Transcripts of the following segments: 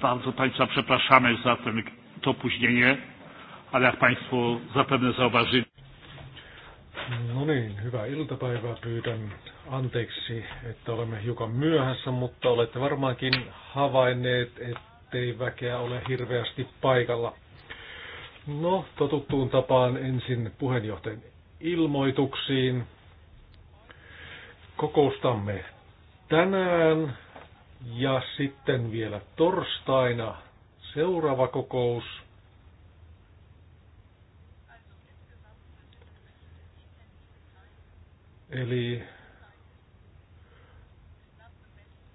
Bardzo Państwa przepraszamy za ten, to opóźnienie, ale jak Państwo zapewne zauważyli. No niin, hyvää iltapäivää. Pyydän anteeksi, että olemme hiukan myöhässä, mutta olette varmaankin havainneet, ettei väkeä ole hirveästi paikalla. No, totuttuun tapaan ensin puheenjohtajan ilmoituksiin. Kokoustamme tänään ja sitten vielä torstaina seuraava kokous. Eli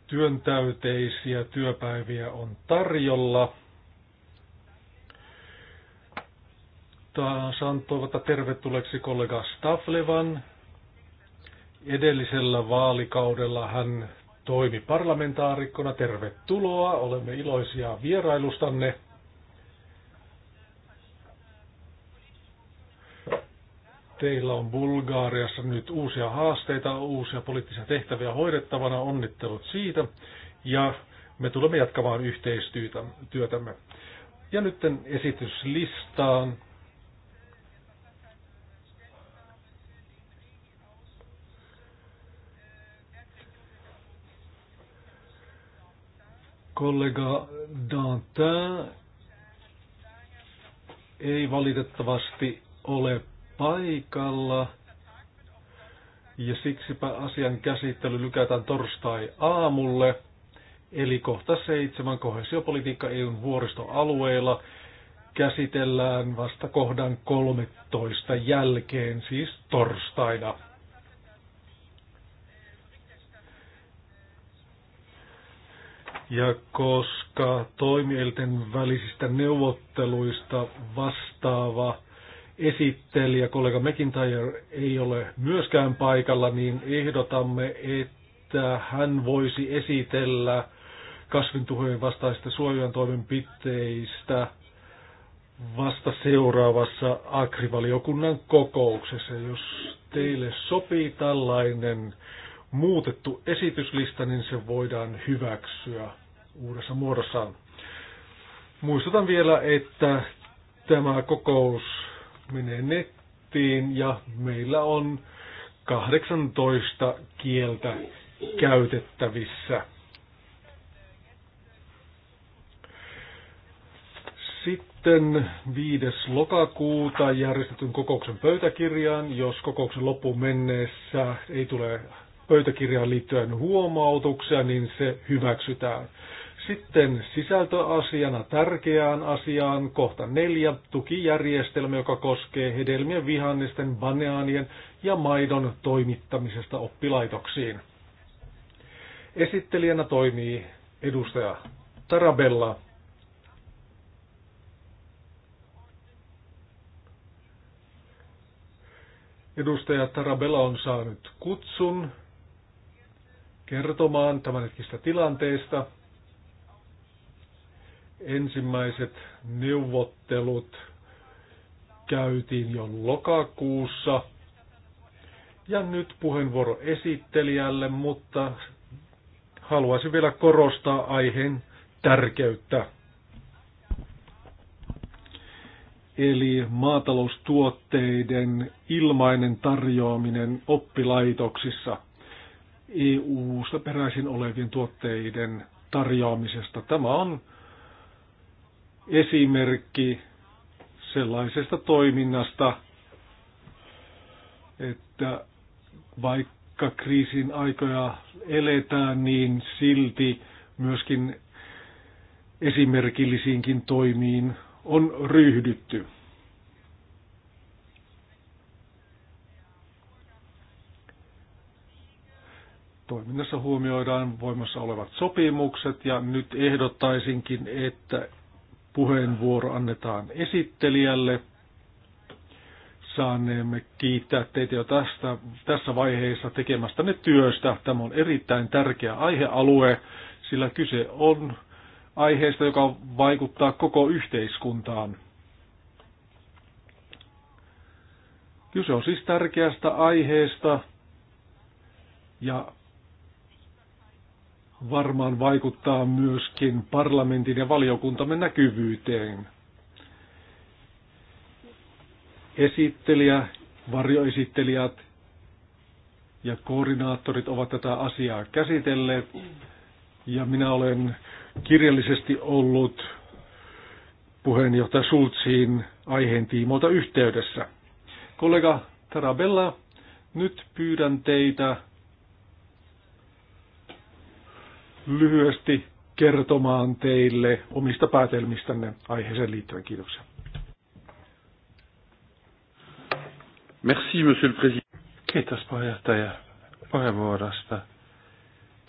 työntäyteisiä työpäiviä on tarjolla. Saan toivota tervetulleeksi kollega Staflevan. Edellisellä vaalikaudella hän toimi parlamentaarikkona. Tervetuloa, olemme iloisia vierailustanne. Teillä on Bulgaariassa nyt uusia haasteita, uusia poliittisia tehtäviä hoidettavana. Onnittelut siitä. Ja me tulemme jatkamaan yhteistyötämme. Ja nyt esityslistaan. Kollega Dantin ei valitettavasti ole paikalla ja siksipä asian käsittely lykätään torstai-aamulle, eli kohta seitsemän kohesiopolitiikka EUn vuoristoalueilla käsitellään vasta kohdan 13 jälkeen, siis torstaina. Ja koska toimielten välisistä neuvotteluista vastaava esittelijä, kollega McIntyre, ei ole myöskään paikalla, niin ehdotamme, että hän voisi esitellä kasvintuhojen vastaista suojan toimenpiteistä vasta seuraavassa agrivaliokunnan kokouksessa. Jos teille sopii tällainen muutettu esityslista, niin se voidaan hyväksyä uudessa muodossaan. Muistutan vielä, että tämä kokous menee nettiin ja meillä on 18 kieltä käytettävissä. Sitten 5. lokakuuta järjestetyn kokouksen pöytäkirjaan, jos kokouksen loppuun mennessä ei tule pöytäkirjaan liittyen huomautuksia, niin se hyväksytään. Sitten sisältöasiana tärkeään asiaan kohta neljä tukijärjestelmä, joka koskee hedelmien, vihannisten, baneaanien ja maidon toimittamisesta oppilaitoksiin. Esittelijänä toimii edustaja Tarabella. Edustaja Tarabella on saanut kutsun kertomaan tämänhetkistä tilanteesta. Ensimmäiset neuvottelut käytiin jo lokakuussa. Ja nyt puheenvuoro esittelijälle, mutta haluaisin vielä korostaa aiheen tärkeyttä. Eli maataloustuotteiden ilmainen tarjoaminen oppilaitoksissa EU-sta peräisin olevien tuotteiden tarjoamisesta. Tämä on esimerkki sellaisesta toiminnasta, että vaikka kriisin aikoja eletään, niin silti myöskin esimerkillisiinkin toimiin on ryhdytty. Toiminnassa huomioidaan voimassa olevat sopimukset ja nyt ehdottaisinkin, että Puheenvuoro annetaan esittelijälle. Saaneemme kiittää teitä jo tästä, tässä vaiheessa tekemästänne työstä. Tämä on erittäin tärkeä aihealue, sillä kyse on aiheesta, joka vaikuttaa koko yhteiskuntaan. Kyse on siis tärkeästä aiheesta ja varmaan vaikuttaa myöskin parlamentin ja valiokuntamme näkyvyyteen. Esittelijä, varjoesittelijät ja koordinaattorit ovat tätä asiaa käsitelleet. Ja minä olen kirjallisesti ollut puheenjohtaja Sultsiin aiheen tiimoilta yhteydessä. Kollega Tarabella, nyt pyydän teitä lyhyesti kertomaan teille omista päätelmistänne aiheeseen liittyen. Kiitoksia. Merci, monsieur le président. Kiitos puheenjohtaja puheenvuorosta.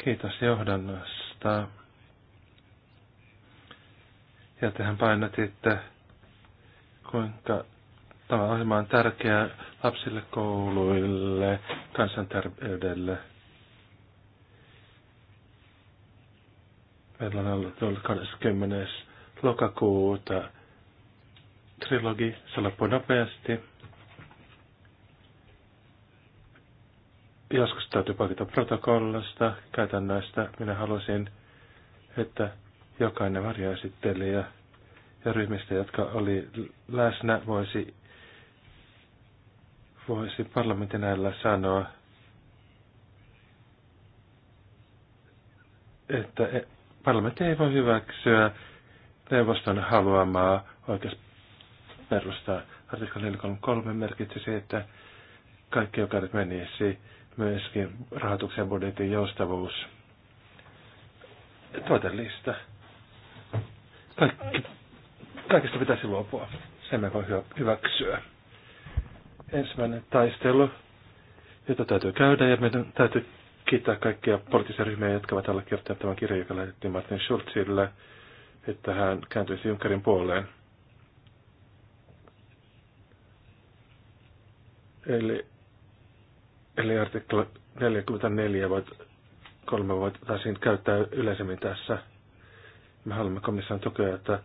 Kiitos johdannosta. Ja tehän painotitte, kuinka tämä ohjelma on tärkeä lapsille, kouluille, kansanterveydelle – Meillä on ollut 20. lokakuuta trilogi, se loppui nopeasti. Joskus täytyy palkita protokollasta, käytännöistä. Minä halusin, että jokainen varjoesittelijä ja ryhmistä, jotka oli läsnä, voisi, voisi parlamentin sanoa, että Parlamentti ei voi hyväksyä neuvoston haluamaa oikeusperustaa. Artikla merkitsi se, että kaikki oikeudet menisi myöskin rahoituksen budjetin joustavuus. Tuotelista. Kaikki, kaikista pitäisi luopua. Sen me voi hyväksyä. Ensimmäinen taistelu, jota täytyy käydä ja meidän täytyy kiittää kaikkia poliittisia ryhmiä, jotka ovat allekirjoittaneet tämän kirjan, joka lähetettiin Martin Schulzille, että hän kääntyisi Junckerin puoleen. Eli, eli artikla 44 voit, kolme voitaisiin käyttää yleisemmin tässä. Me haluamme komission tukea, että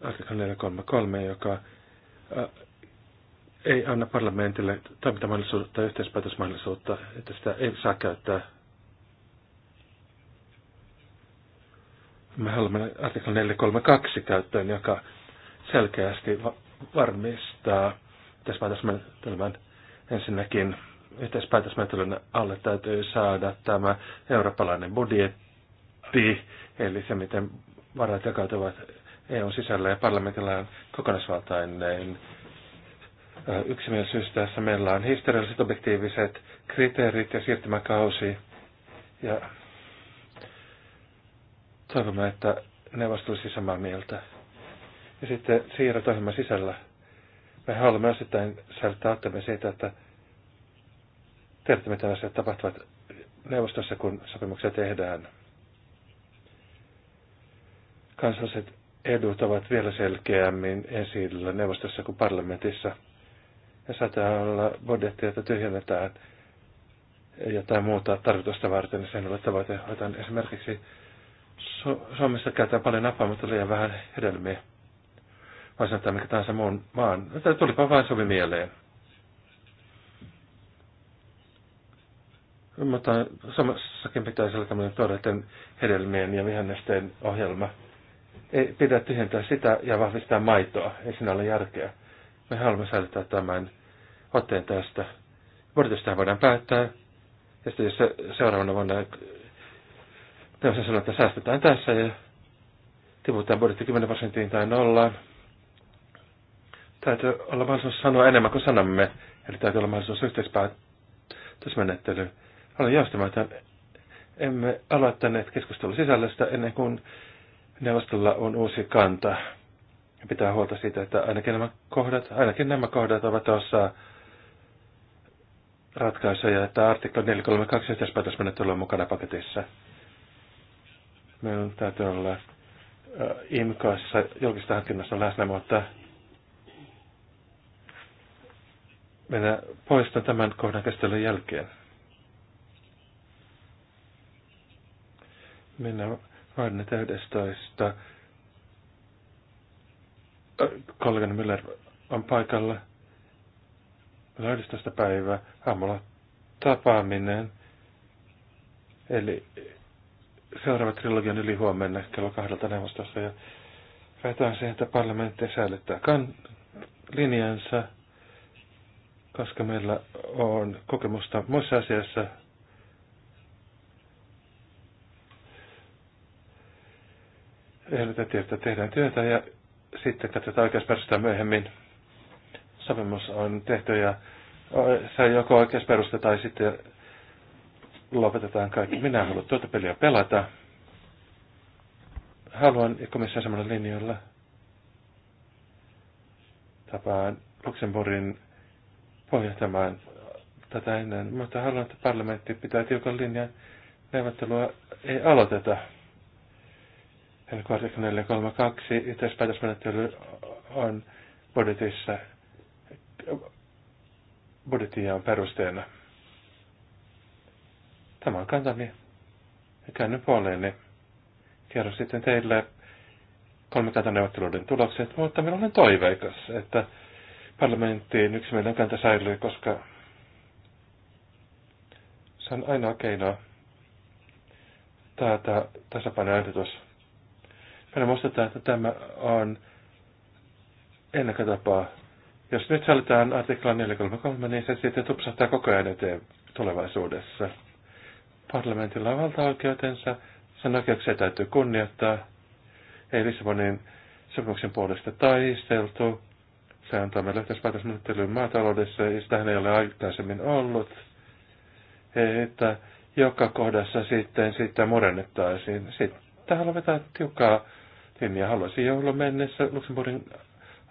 artikla 433, joka äh, ei anna parlamentille toimintamahdollisuutta, yhteispäätösmahdollisuutta, että sitä ei saa käyttää. Me haluamme artikla 432 käyttöön, joka selkeästi va- varmistaa yhteispäätösmenetelmän ensinnäkin yhteispäätösmenetelmän alle täytyy saada tämä eurooppalainen budjetti, eli se miten varat jakautuvat EUn sisällä ja parlamentilla on kokonaisvaltainen yksimielisyys tässä. Meillä on historialliset objektiiviset kriteerit ja siirtymäkausi. Ja toivomme, että ne vastuisi samaa mieltä. Ja sitten siirrot ohjelman sisällä. Me haluamme osittain säilyttää ottamme siitä, että tiedätte, mitä asiat tapahtuvat neuvostossa, kun sopimuksia tehdään. Kansalliset edut ovat vielä selkeämmin esillä neuvostossa kuin parlamentissa – ja saattaa olla budjetti, jota tyhjennetään jotain muuta tarkoitusta varten, niin sen ole tavoite. Otan esimerkiksi Su- Suomessa käytetään paljon napaa, mutta liian vähän hedelmiä. Voisi sanoa mikä tahansa muun maan. No, Tämä tulipa vain sovi mieleen. Mutta samassakin pitäisi olla tämmöinen tuoreiden hedelmien ja vihannesten ohjelma. Ei pidä tyhjentää sitä ja vahvistaa maitoa. Ei siinä ole järkeä. Me haluamme säilyttää tämän otteen tästä. Vuoditustahan voidaan päättää. Ja sitten jos seuraavana vuonna neuvosto sanoo, että säästetään tässä ja tiputetaan budjetti 10 prosenttiin tai nollaan. Täytyy olla mahdollisuus sanoa enemmän kuin sanamme. Eli täytyy olla mahdollisuus yhteispäätösmenettelyyn. Olen joustamaan emme aloittaneet keskustelun sisällöstä ennen kuin neuvostolla on uusi kanta. Pitää huolta siitä, että ainakin nämä kohdat, ainakin nämä kohdat ovat osa ratkaisuja, että artikla 432 yhteispäätösmenettely on mukana paketissa. Meillä täytyy olla IMKassa julkista hankinnassa läsnä, mutta minä poistan tämän kohdan käsittelyn jälkeen. Minä vaadin, että 11 kollegani Miller on paikalla. 11. päivä aamulla tapaaminen. Eli seuraava on yli huomenna kello kahdelta neuvostossa. Ja päätään siihen, että parlamentti säilyttää kan linjansa, koska meillä on kokemusta muissa asiassa, Ehdotettiin, että tehdään työtä ja sitten katsotaan oikeastaan myöhemmin sopimus on tehty ja se joko oikeus oikeusperusta tai sitten lopetetaan kaikki. Minä haluan tuota peliä pelata. Haluan komission samalla linjalla. Tapaan Luxemburgin pohjohtamaan tätä ennen, mutta haluan, että parlamentti pitää tiukan linjan. Neuvottelua ei aloiteta. Eli 432 yhteispäätösmenettely on budjetissa budjettia perusteena. Tämä on kantani ja käänny puoleeni. Kerron sitten teille kolmikantaneuvotteluiden tulokset, mutta minä olen toiveikas, että parlamenttiin yksimielinen kanta säilyy, koska se on ainoa keino taata tasapainoehdotus. Minä muistetaan, että tämä on ennakkotapaa jos nyt sallitaan artikla 433, niin se sitten tupsahtaa koko ajan eteen tulevaisuudessa. Parlamentilla on valtaoikeutensa, sen oikeuksia täytyy kunnioittaa. Ei Lissabonin sopimuksen puolesta taisteltu. Se antaa meille yhteispäätösmenettelyyn maataloudessa, ja sitä ei ole aikaisemmin ollut. Että joka kohdassa sitten sitä murennettaisiin. Sitten tähän lopetaan tiukkaa linjaa. Haluaisin joulun mennessä Luxemburgin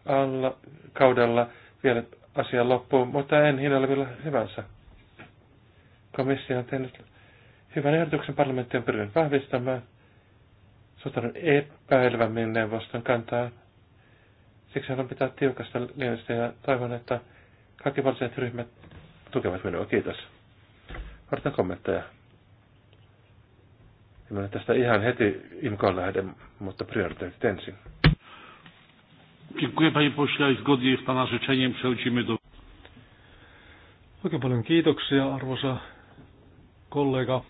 alla kaudella vielä asian loppuun, mutta en hinnalla vielä hyvänsä. Komissio on tehnyt hyvän ehdotuksen parlamenttien on pyrkinyt vahvistamaan. Suhtaudun epäilevämmin neuvoston kantaa. Siksi haluan pitää tiukasta linjasta ja toivon, että kaikki poliittiset ryhmät tukevat minua. Kiitos. Odotan kommentteja. En tästä ihan heti imkoon lähde, mutta prioriteetit ensin. Dziękuję panie pośle i zgodnie z pana życzeniem przechodzimy do... Oikein paljon kiitoksia arvoisa kollega.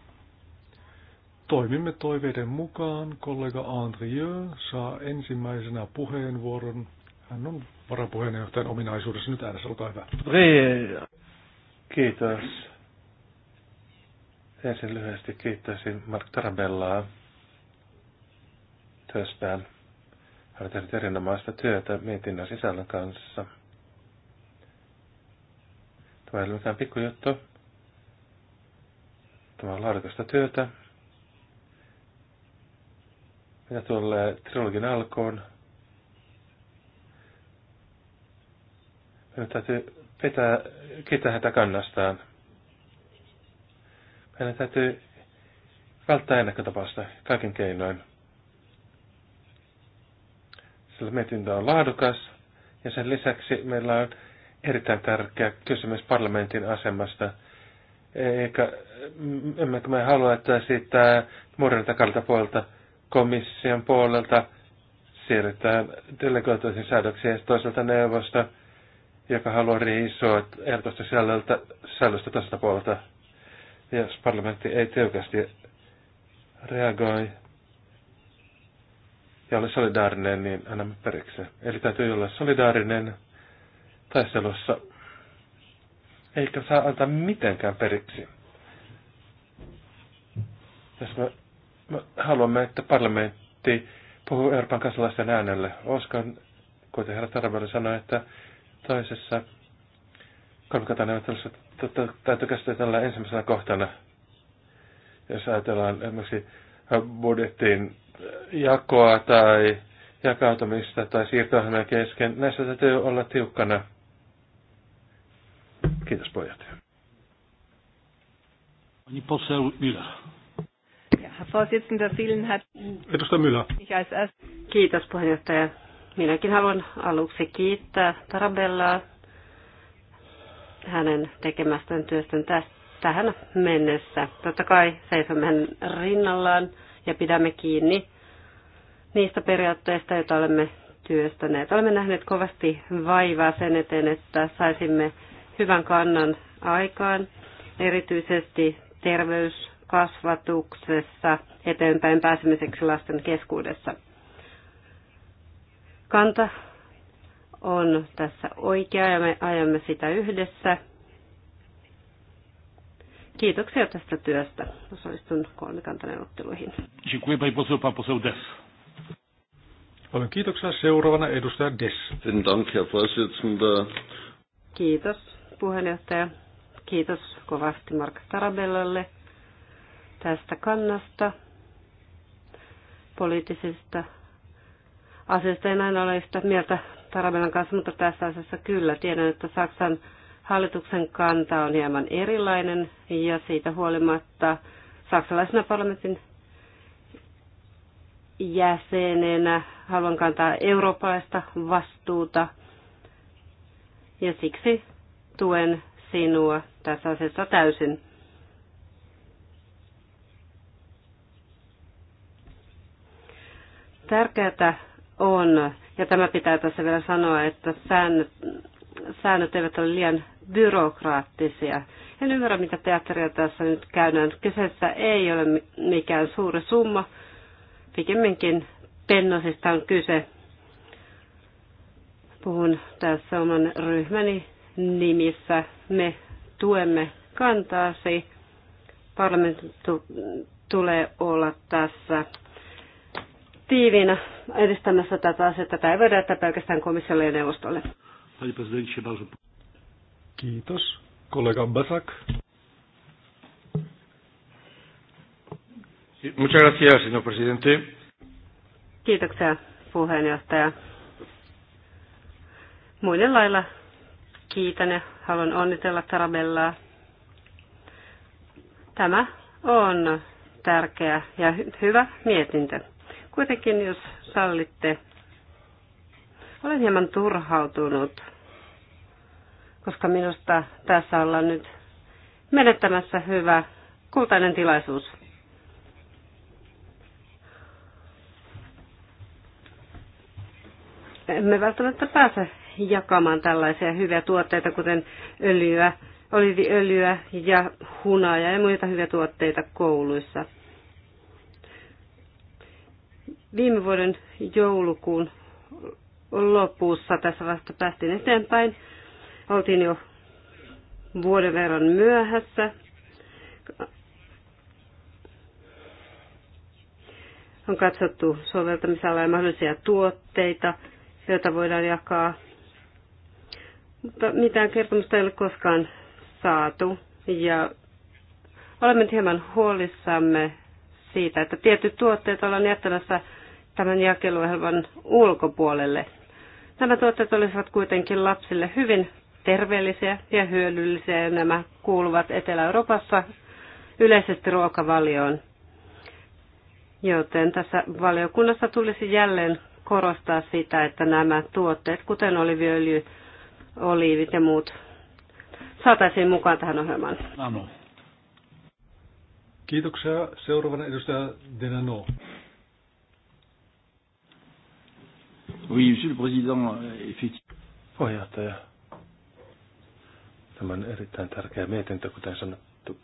Toimimme toiveiden mukaan. Kollega Andrieu saa ensimmäisenä puheenvuoron. Hän on varapuheenjohtajan ominaisuudessa nyt äänessä. Olkaa hyvä. Kiitos. Ensin lyhyesti kiittäisin Mark Tarabellaa tästä. Olen tehnyt erinomaista työtä mietinnän sisällön kanssa. Tämä ei ole pikkujuttu. Tämä on laadukasta työtä. Mitä tulee trilogin alkoon, meidän täytyy pitää, kiittää häntä kannastaan. Meidän täytyy välttää ennakkotapausta kaiken keinoin sillä mietintö on laadukas ja sen lisäksi meillä on erittäin tärkeä kysymys parlamentin asemasta. Eikä, emmekö me halua, että siitä muodon takalta puolelta komission puolelta siirretään delegoituihin säädöksiin ja toiselta neuvosta, joka haluaa riisua ehdotusta sisällöltä säällöstä tästä puolelta. Ja jos parlamentti ei tiukasti reagoi, ja ole solidaarinen, niin annamme periksi. Eli täytyy olla solidaarinen taistelussa, eikä saa antaa mitenkään periksi. Jos me, me haluamme, että parlamentti puhuu Euroopan kansalaisten äänelle. Oskan, kuten herra Tarabelli sanoi, että toisessa kolmikantaneuvottelussa täytyy käsitellä ensimmäisenä kohtana, jos ajatellaan esimerkiksi budjettiin jakoa tai jakautumista tai siirtoahamia kesken. Näissä täytyy olla tiukkana. Kiitos pojat. Edustaja Mylä. Kiitos puheenjohtaja. Minäkin haluan aluksi kiittää Tarabellaa hänen tekemästään työstön tähän mennessä. Totta kai seisomme hänen rinnallaan ja pidämme kiinni niistä periaatteista, joita olemme työstäneet. Olemme nähneet kovasti vaivaa sen eteen, että saisimme hyvän kannan aikaan, erityisesti terveyskasvatuksessa eteenpäin pääsemiseksi lasten keskuudessa. Kanta on tässä oikea ja me ajamme sitä yhdessä Kiitoksia tästä työstä. Osallistun kolmikantaneuvotteluihin. Olen kiitoksia. Seuraavana edustaja Des. Kiitos puheenjohtaja. Kiitos kovasti Mark Tarabellalle tästä kannasta, poliittisista asioista. En aina ole sitä mieltä Tarabellan kanssa, mutta tässä asiassa kyllä. Tiedän, että Saksan Hallituksen kanta on hieman erilainen ja siitä huolimatta saksalaisena parlamentin jäsenenä haluan kantaa eurooppalaista vastuuta ja siksi tuen sinua tässä asiassa täysin. Tärkeää on, ja tämä pitää tässä vielä sanoa, että säännöt, säännöt eivät ole liian byrokraattisia. En ymmärrä, mitä teatteria tässä nyt käydään. Kyseessä ei ole mikään suuri summa. Pikemminkin pennosista on kyse. Puhun tässä oman ryhmäni nimissä. Me tuemme kantaasi. Parlamentin tulee olla tässä tiiviinä edistämässä tätä asiaa. Tätä ei voida jättää pelkästään komissiolle ja neuvostolle. Kiitos. Kollega Basak. Muchas gracias, señor presidente. Kiitoksia, puheenjohtaja. Muiden lailla kiitän ja haluan onnitella Tarabellaa. Tämä on tärkeä ja hyvä mietintö. Kuitenkin, jos sallitte, olen hieman turhautunut koska minusta tässä ollaan nyt menettämässä hyvä kultainen tilaisuus. Emme välttämättä pääse jakamaan tällaisia hyviä tuotteita, kuten öljyä, oliiviöljyä ja hunajaa ja muita hyviä tuotteita kouluissa. Viime vuoden joulukuun lopussa tässä vasta päästiin eteenpäin oltiin jo vuoden verran myöhässä. On katsottu soveltamisalaa ja mahdollisia tuotteita, joita voidaan jakaa. Mutta mitään kertomusta ei ole koskaan saatu. Ja olemme hieman huolissamme siitä, että tietyt tuotteet ollaan jättämässä tämän jakeluohjelman ulkopuolelle. Nämä tuotteet olisivat kuitenkin lapsille hyvin terveellisiä ja hyödyllisiä ja nämä kuuluvat Etelä-Euroopassa yleisesti ruokavalioon. Joten tässä valiokunnassa tulisi jälleen korostaa sitä, että nämä tuotteet, kuten oliviöljy, oliivit ja muut, saataisiin mukaan tähän ohjelmaan. Amo. Kiitoksia. Seuraavana edustaja Denano. Oui, monsieur le président, effectivement. Puheenjohtaja. Tämä on erittäin tärkeä mietintö, kuten sanottu.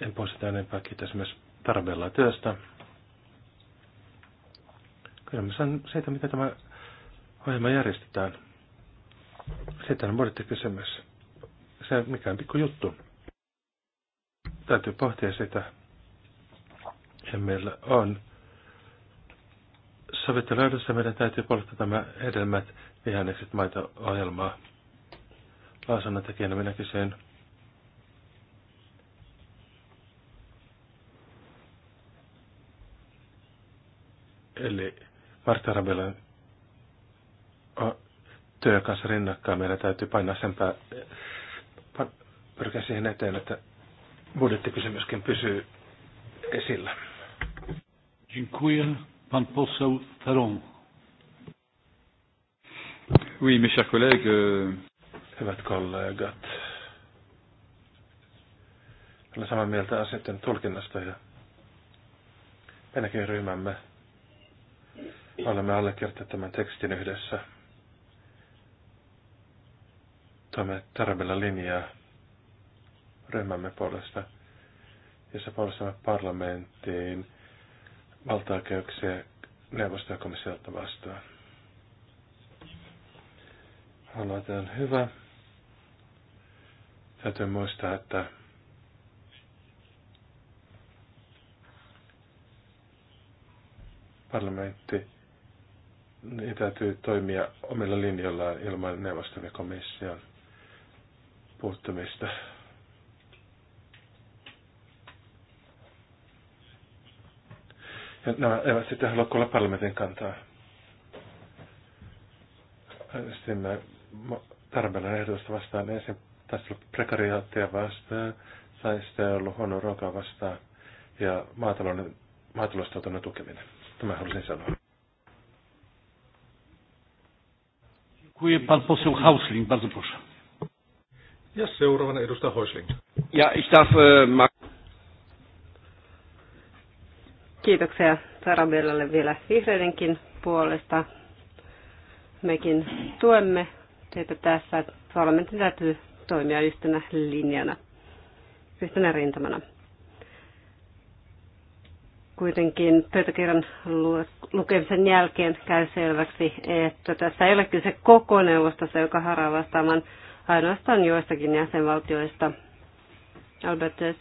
En puhu sitä enempää. Kiitos myös tarpeella työstä. Kyllä mä sanon siitä, mitä tämä ohjelma järjestetään. Siitä on budjettikysymys. Se on mikään pikku juttu. Täytyy pohtia sitä. Ja meillä on sovitteluudessa meidän täytyy polttaa tämä hedelmät vihannekset maito-ohjelmaa. Laasana tekijänä minä kysyn, eli Martta Rabelan työn kanssa rinnakkain meidän täytyy painaa sen pää, siihen eteen, että budjettikysymyskin pysyy esillä. Dziękuję. Pan poseł Taron. Oui, mes chers collègues. Euh, Hyvät kollegat, olen samaa mieltä asioiden tulkinnasta ja meidänkin ryhmämme olemme allekirjoittaneet tämän tekstin yhdessä. Tuomme tarvilla linjaa ryhmämme puolesta, jossa puolestamme parlamenttiin valtaoikeuksia neuvostokomissiolta vastaan. että on hyvä. Täytyy muistaa, että parlamentti niin täytyy toimia omilla linjoillaan ilman neuvoston ja komission puuttumista. Ja nämä eivät sitten halua kuulla parlamentin kantaa. Äänestimme tarpeella ehdotusta vastaan ensin taistelu prekariaatteja vastaan, taistelu huonoa ruokaa vastaan ja maatalouden, maataloustuotannon tukeminen. Tämä halusin sanoa. Dziękuję. Pan poseł Hausling, bardzo proszę. Ja seuraavana edustaja Hausling. Ja ich darf, äh, Kiitoksia Sarabellalle vielä vihreidenkin puolesta. Mekin tuemme teitä tässä. Parlamentin täytyy toimia yhtenä linjana, yhtenä rintamana. Kuitenkin pöytäkirjan lukemisen jälkeen käy selväksi, että tässä ei ole kyse koko neuvostosta, joka haraa vastaamaan ainoastaan joistakin jäsenvaltioista. Albertus,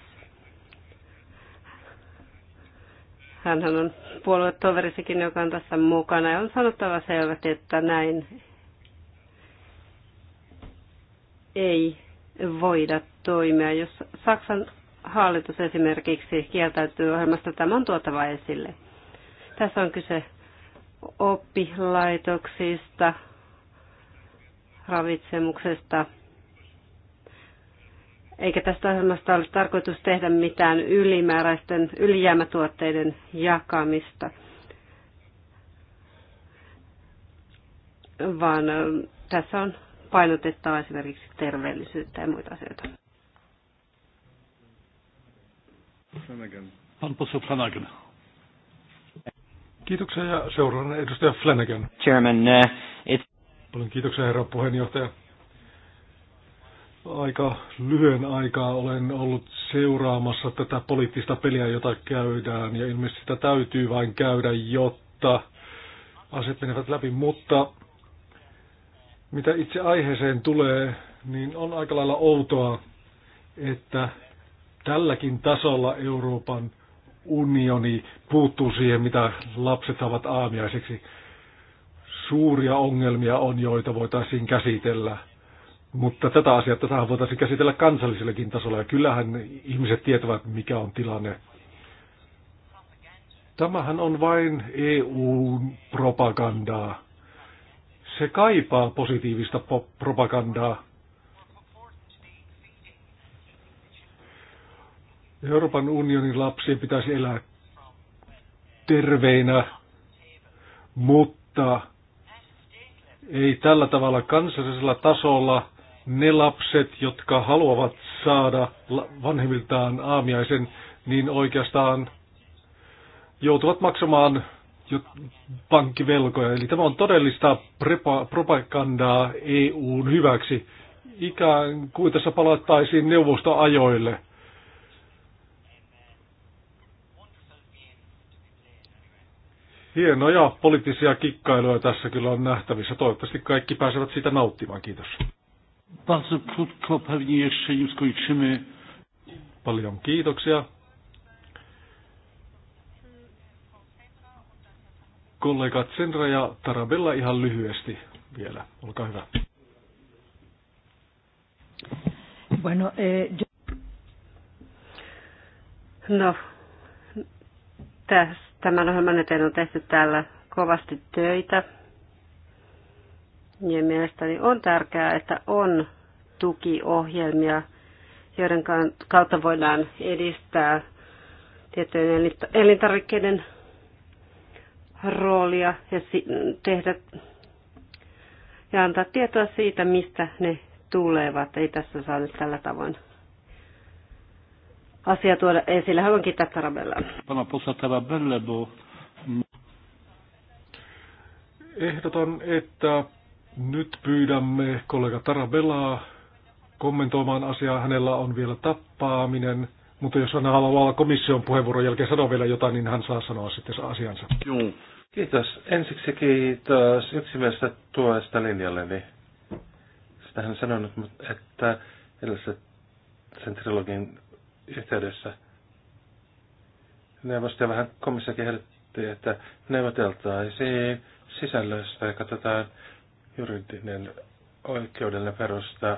hän on puoluetoverisikin, joka on tässä mukana, ja on sanottava selvästi, että näin ei voida toimia. Jos Saksan hallitus esimerkiksi kieltäytyy ohjelmasta, tämä on tuotava esille. Tässä on kyse oppilaitoksista, ravitsemuksesta. Eikä tästä ohjelmasta ole tarkoitus tehdä mitään ylimääräisten ylijäämätuotteiden jakamista, vaan tässä on painotettava esimerkiksi terveellisyyttä ja muita asioita. Flanagan. Kiitoksia ja seuraavana edustaja Flanagan. Chairman, uh, it's... Paljon kiitoksia herra puheenjohtaja. Aika lyhyen aikaa olen ollut seuraamassa tätä poliittista peliä, jota käydään, ja ilmeisesti sitä täytyy vain käydä, jotta asiat menevät läpi, mutta mitä itse aiheeseen tulee, niin on aika lailla outoa, että tälläkin tasolla Euroopan unioni puuttuu siihen, mitä lapset saavat aamiaiseksi. Suuria ongelmia on, joita voitaisiin käsitellä. Mutta tätä asiaa tätä voitaisiin käsitellä kansallisellakin tasolla, ja kyllähän ihmiset tietävät, mikä on tilanne. Tämähän on vain EU-propagandaa. Se kaipaa positiivista propagandaa. Euroopan unionin lapsien pitäisi elää terveinä, mutta ei tällä tavalla kansallisella tasolla ne lapset, jotka haluavat saada vanhemmiltaan aamiaisen, niin oikeastaan joutuvat maksamaan pankkivelkoja. Eli tämä on todellista prepa- propagandaa EUn hyväksi. Ikään kuin tässä palattaisiin neuvostoajoille. Hienoja poliittisia kikkailuja tässä kyllä on nähtävissä. Toivottavasti kaikki pääsevät siitä nauttimaan. Kiitos. Paljon kiitoksia. kollegat Senra ja Tarabella ihan lyhyesti vielä. Olkaa hyvä. Bueno, eh, yo... No, tässä, tämän ohjelman eteen on tehty täällä kovasti töitä. Ja mielestäni on tärkeää, että on tukiohjelmia, joiden kautta voidaan edistää tiettyjen elintarvikkeiden roolia ja tehdä ja antaa tietoa siitä, mistä ne tulevat. Ei tässä saa nyt tällä tavoin asia tuoda esille. Haluan kiittää Tarabellaa. Ehdotan, että nyt pyydämme kollega Tarabellaa kommentoimaan asiaa. Hänellä on vielä tappaaminen, mutta jos hän haluaa olla komission puheenvuoron jälkeen sanoa vielä jotain, niin hän saa sanoa sitten asiansa. Joo. Kiitos. Ensiksi kiitos yksimielistä tuesta linjalleni. Sitähän sanonut, että edellisen sen trilogin yhteydessä neuvostoja vähän komissakin ehdotti, että neuvoteltaisiin sisällöstä ja katsotaan juridinen oikeudellinen perusta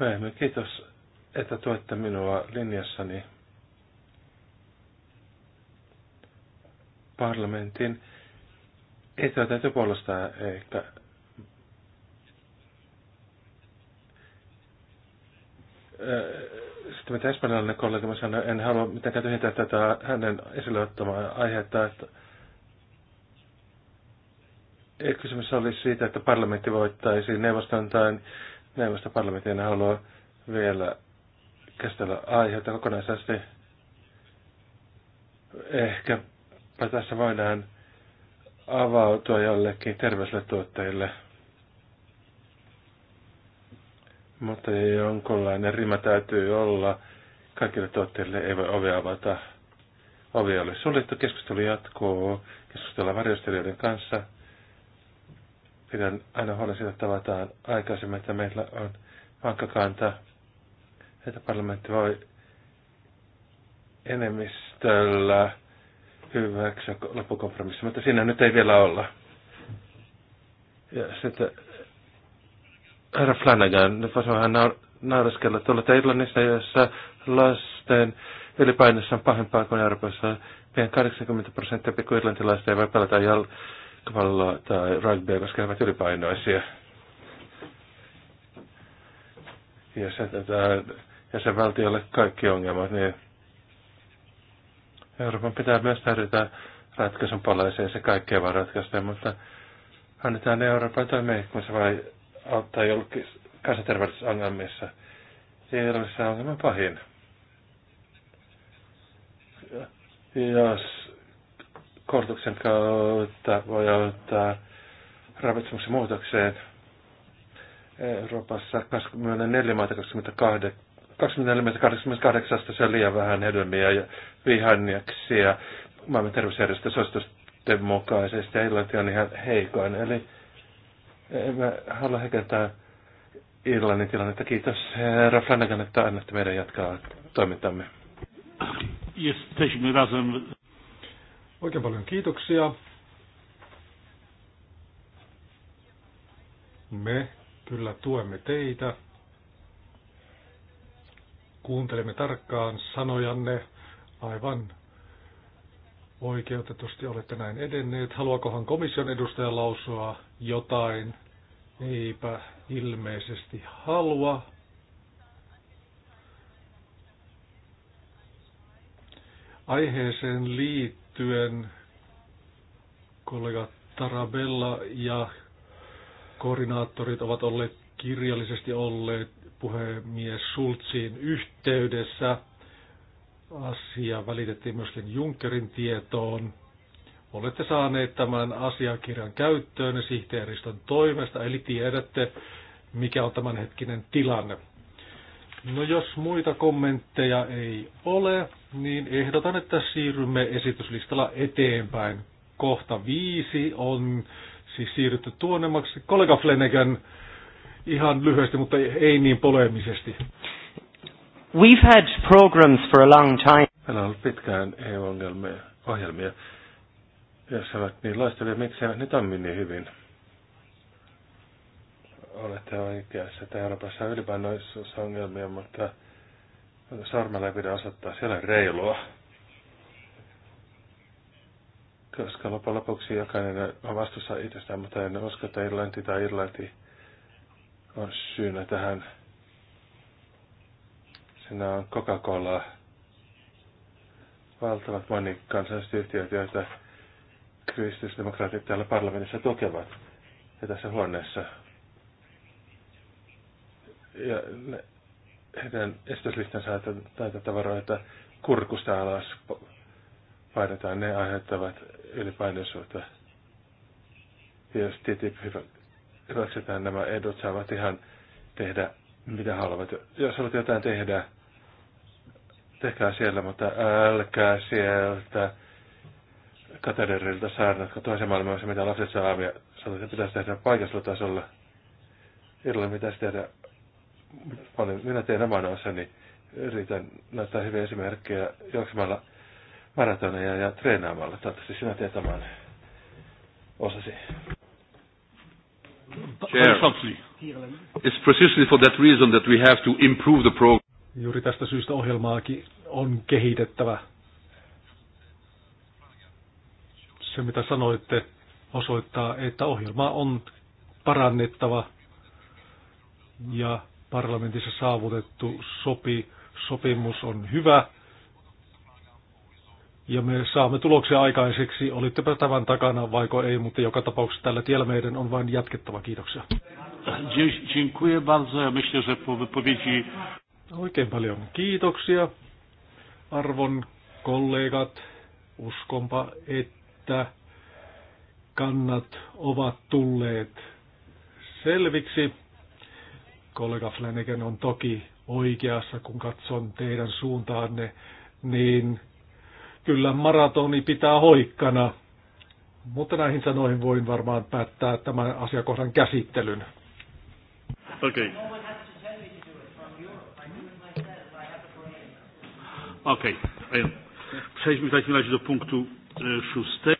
myöhemmin. Kiitos, että tuette minua linjassani parlamentin että täytyy puolustaa, että sitten mitä espanjalainen kollega sanoi, en halua mitenkään tyhjentää tätä hänen esille ottamaa aihetta, että kysymys oli siitä, että parlamentti voittaisi neuvoston tai neuvoston parlamentti, en halua vielä käsitellä aiheita kokonaisesti. Ehkä tässä voidaan avautua jollekin terveysille tuottajille. Mutta jonkunlainen rima täytyy olla. Kaikille tuotteille ei voi ovea avata. Ovi oli suljettu, keskustelu jatkuu, keskustellaan varjostelijoiden kanssa. Pidän aina huolen siitä, että tavataan aikaisemmin, että meillä on vankkakanta. kanta, että parlamentti voi enemmistöllä hyväksyä loppukompromissi, mutta siinä nyt ei vielä olla. Ja sitten herra Flanagan, nyt voisi vähän naur- nauraskella. Tuolla Irlannissa, jossa lasten ylipainossa on pahempaa kuin Euroopassa, pian 80 prosenttia pikkuirlantilaista ei voi pelata jalkapalloa tai rugbya, koska he ovat ylipainoisia. Ja se, valtiolle kaikki ongelmat, niin Euroopan pitää myös tarjota ratkaisun puolella, se kaikkea vaan ratkaista, mutta annetaan Euroopan toimia, kun se vai auttaa julkis, kansanterveysongelmissa. Ei ole se ongelma pahin. Jos koulutuksen kautta voi auttaa ravitsemuksen muutokseen, Euroopassa 24 maata 28 24.88. se liian vähän hedelmiä ja vihanneksia maailman terveysjärjestö suositusten mukaisesti ja Irlanti on ihan heikoin. Eli mä halua heikentää Irlannin tilannetta. Kiitos herra Flanagan, että annatte meidän jatkaa toimintamme. Oikein paljon kiitoksia. Me kyllä tuemme teitä. Kuuntelemme tarkkaan sanojanne aivan oikeutetusti olette näin edenneet. Haluakohan komission edustaja lausua jotain? Eipä ilmeisesti halua. Aiheeseen liittyen kollega Tarabella ja koordinaattorit ovat olleet kirjallisesti olleet puhemies Schulzin yhteydessä. Asia välitettiin myöskin Junckerin tietoon. Olette saaneet tämän asiakirjan käyttöön sihteeristön toimesta, eli tiedätte, mikä on tämänhetkinen tilanne. No jos muita kommentteja ei ole, niin ehdotan, että siirrymme esityslistalla eteenpäin. Kohta viisi on siis siirrytty tuonemmaksi. Kollega Flanagan, Ihan lyhyesti, mutta ei niin poleemisesti. We've had programs for a long time. Meillä on ollut pitkään EU-ongelmia, ohjelmia, joissa ovat niin loistavia, miksei ne toimi niin hyvin. Olette oikeassa, että Euroopassa on ongelmia, mutta sormella ei pidä osoittaa, siellä reilua. Koska loppujen lopuksi jokainen on vastuussa itsestään, mutta en usko, että Irlanti tai Irlanti on syynä tähän. Siinä on Coca-Cola, valtavat kansalliset yhtiöt, joita kristillisdemokraatit täällä parlamentissa tukevat ja tässä huoneessa. Ja ne, heidän esityslistansa näitä tavaroita kurkusta alas painetaan, ne aiheuttavat ylipainoisuutta. Ja jos TTIP hyväksytään nämä edut, saavat ihan tehdä mitä haluavat. Jos haluat jotain tehdä, tehkää siellä, mutta älkää sieltä katederilta saarnatko toisen maailman, mitä lapset saa, ja sanoit, että pitäisi tehdä paikallisella tasolla. Irlannin pitäisi tehdä paljon. Minä teen oman osani, yritän näyttää hyviä esimerkkejä juoksemalla maratoneja ja treenaamalla. Toivottavasti sinä teet oman osasi. Chair, it's precisely for that reason that we have to improve the program. Juuri tästä syystä ohjelmaakin on kehitettävä. Se mitä sanoitte osoittaa, että ohjelma on parannettava ja parlamentissa saavutettu sopi, sopimus on hyvä ja me saamme tuloksia aikaiseksi, olittepä tämän takana vaiko ei, mutta joka tapauksessa tällä tiellä meidän on vain jatkettava. Kiitoksia. Dziękuję bardzo. Ja myślę, że po wypowiedzi... Oikein paljon kiitoksia, arvon kollegat. Uskonpa, että kannat ovat tulleet selviksi. Kollega Flanagan on toki oikeassa, kun katson teidän suuntaanne, niin kyllä maratoni pitää hoikkana. Mutta näihin sanoihin voin varmaan päättää tämän asiakohdan käsittelyn. Okei. Okay. Okej. Okay. Przejdźmy w razie do punktu e,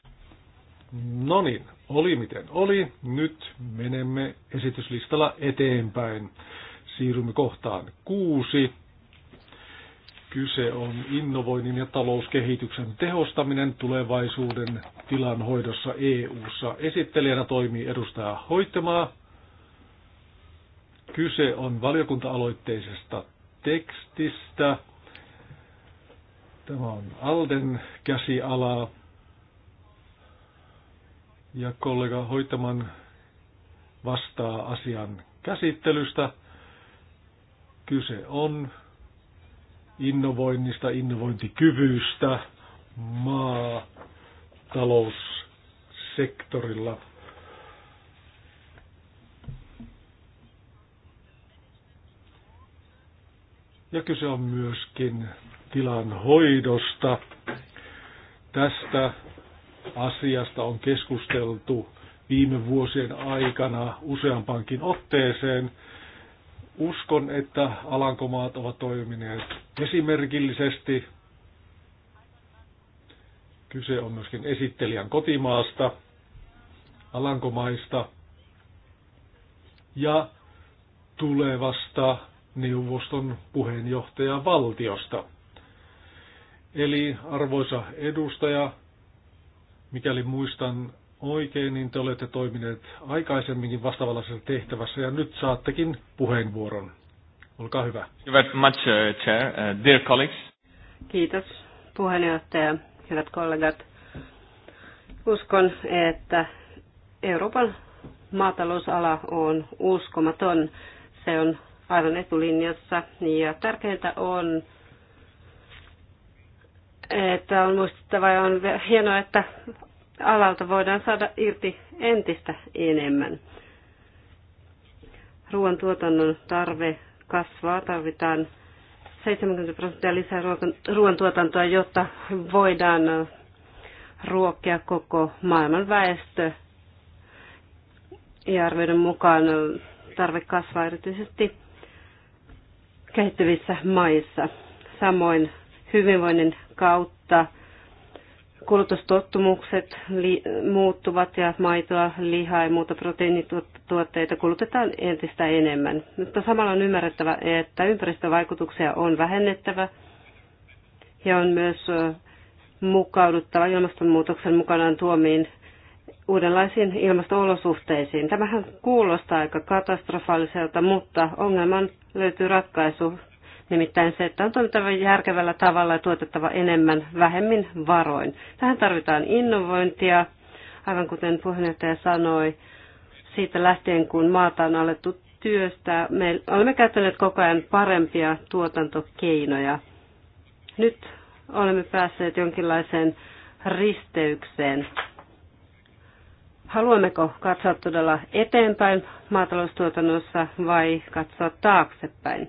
No niin, oli miten oli. Nyt menemme esityslistalla eteenpäin. Siirrymme kohtaan kuusi. Kyse on innovoinnin ja talouskehityksen tehostaminen tulevaisuuden tilanhoidossa EU-ssa. Esittelijänä toimii edustaja Hoitemaa. Kyse on valiokunta-aloitteisesta tekstistä. Tämä on Alden käsialaa. Ja kollega Hoitaman vastaa asian käsittelystä. Kyse on innovoinnista, innovointikyvystä maataloussektorilla. Ja kyse on myöskin tilan hoidosta. Tästä asiasta on keskusteltu viime vuosien aikana useampankin otteeseen. Uskon, että Alankomaat ovat toimineet esimerkillisesti. Kyse on myöskin esittelijän kotimaasta, Alankomaista ja tulevasta neuvoston valtiosta. Eli arvoisa edustaja, mikäli muistan oikein, niin te olette toimineet aikaisemminkin vastavallaisessa tehtävässä ja nyt saattekin puheenvuoron. Olkaa hyvä. Much, uh, chair. Uh, dear colleagues. Kiitos puheenjohtaja, hyvät kollegat. Uskon, että Euroopan maatalousala on uskomaton. Se on aivan etulinjassa ja tärkeintä on, että on muistettava ja on hienoa, että alalta voidaan saada irti entistä enemmän. Ruoantuotannon tarve kasvaa, tarvitaan 70 prosenttia lisää ruoantuotantoa, jotta voidaan ruokkia koko maailman väestö. Ja arvioiden mukaan tarve kasvaa erityisesti kehittyvissä maissa. Samoin hyvinvoinnin kautta kulutustottumukset li- muuttuvat ja maitoa, lihaa ja muuta proteiinituotteita kulutetaan entistä enemmän. Mutta samalla on ymmärrettävä, että ympäristövaikutuksia on vähennettävä ja on myös mukauduttava ilmastonmuutoksen mukanaan tuomiin uudenlaisiin ilmastoolosuhteisiin. Tämähän kuulostaa aika katastrofaaliselta, mutta ongelman löytyy ratkaisu Nimittäin se, että on toimittava järkevällä tavalla ja tuotettava enemmän vähemmin varoin. Tähän tarvitaan innovointia, aivan kuten puheenjohtaja sanoi, siitä lähtien kun maata on alettu työstää. Me olemme käyttäneet koko ajan parempia tuotantokeinoja. Nyt olemme päässeet jonkinlaiseen risteykseen. Haluammeko katsoa todella eteenpäin maataloustuotannossa vai katsoa taaksepäin?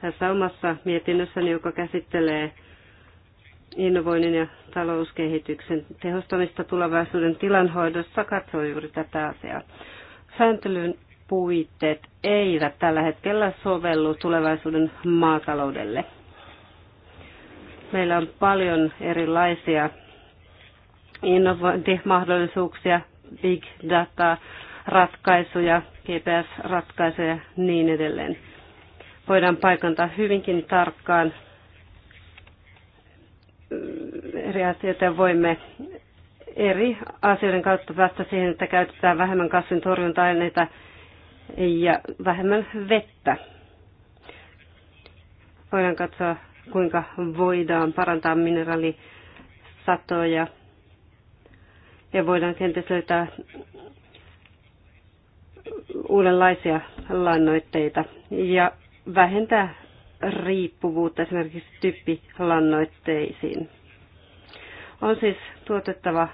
tässä omassa mietinnössäni, joka käsittelee innovoinnin ja talouskehityksen tehostamista tulevaisuuden tilanhoidossa, katsoo juuri tätä asiaa. Sääntelyn puitteet eivät tällä hetkellä sovellu tulevaisuuden maataloudelle. Meillä on paljon erilaisia innovointimahdollisuuksia, big data, ratkaisuja, GPS-ratkaisuja ja niin edelleen voidaan paikantaa hyvinkin tarkkaan eri asioita ja voimme eri asioiden kautta päästä siihen, että käytetään vähemmän kasvin torjunta-aineita ja vähemmän vettä. Voidaan katsoa, kuinka voidaan parantaa mineraalisatoja ja voidaan kenties löytää uudenlaisia lannoitteita. Ja vähentää riippuvuutta esimerkiksi typpilannoitteisiin. On siis tuotettava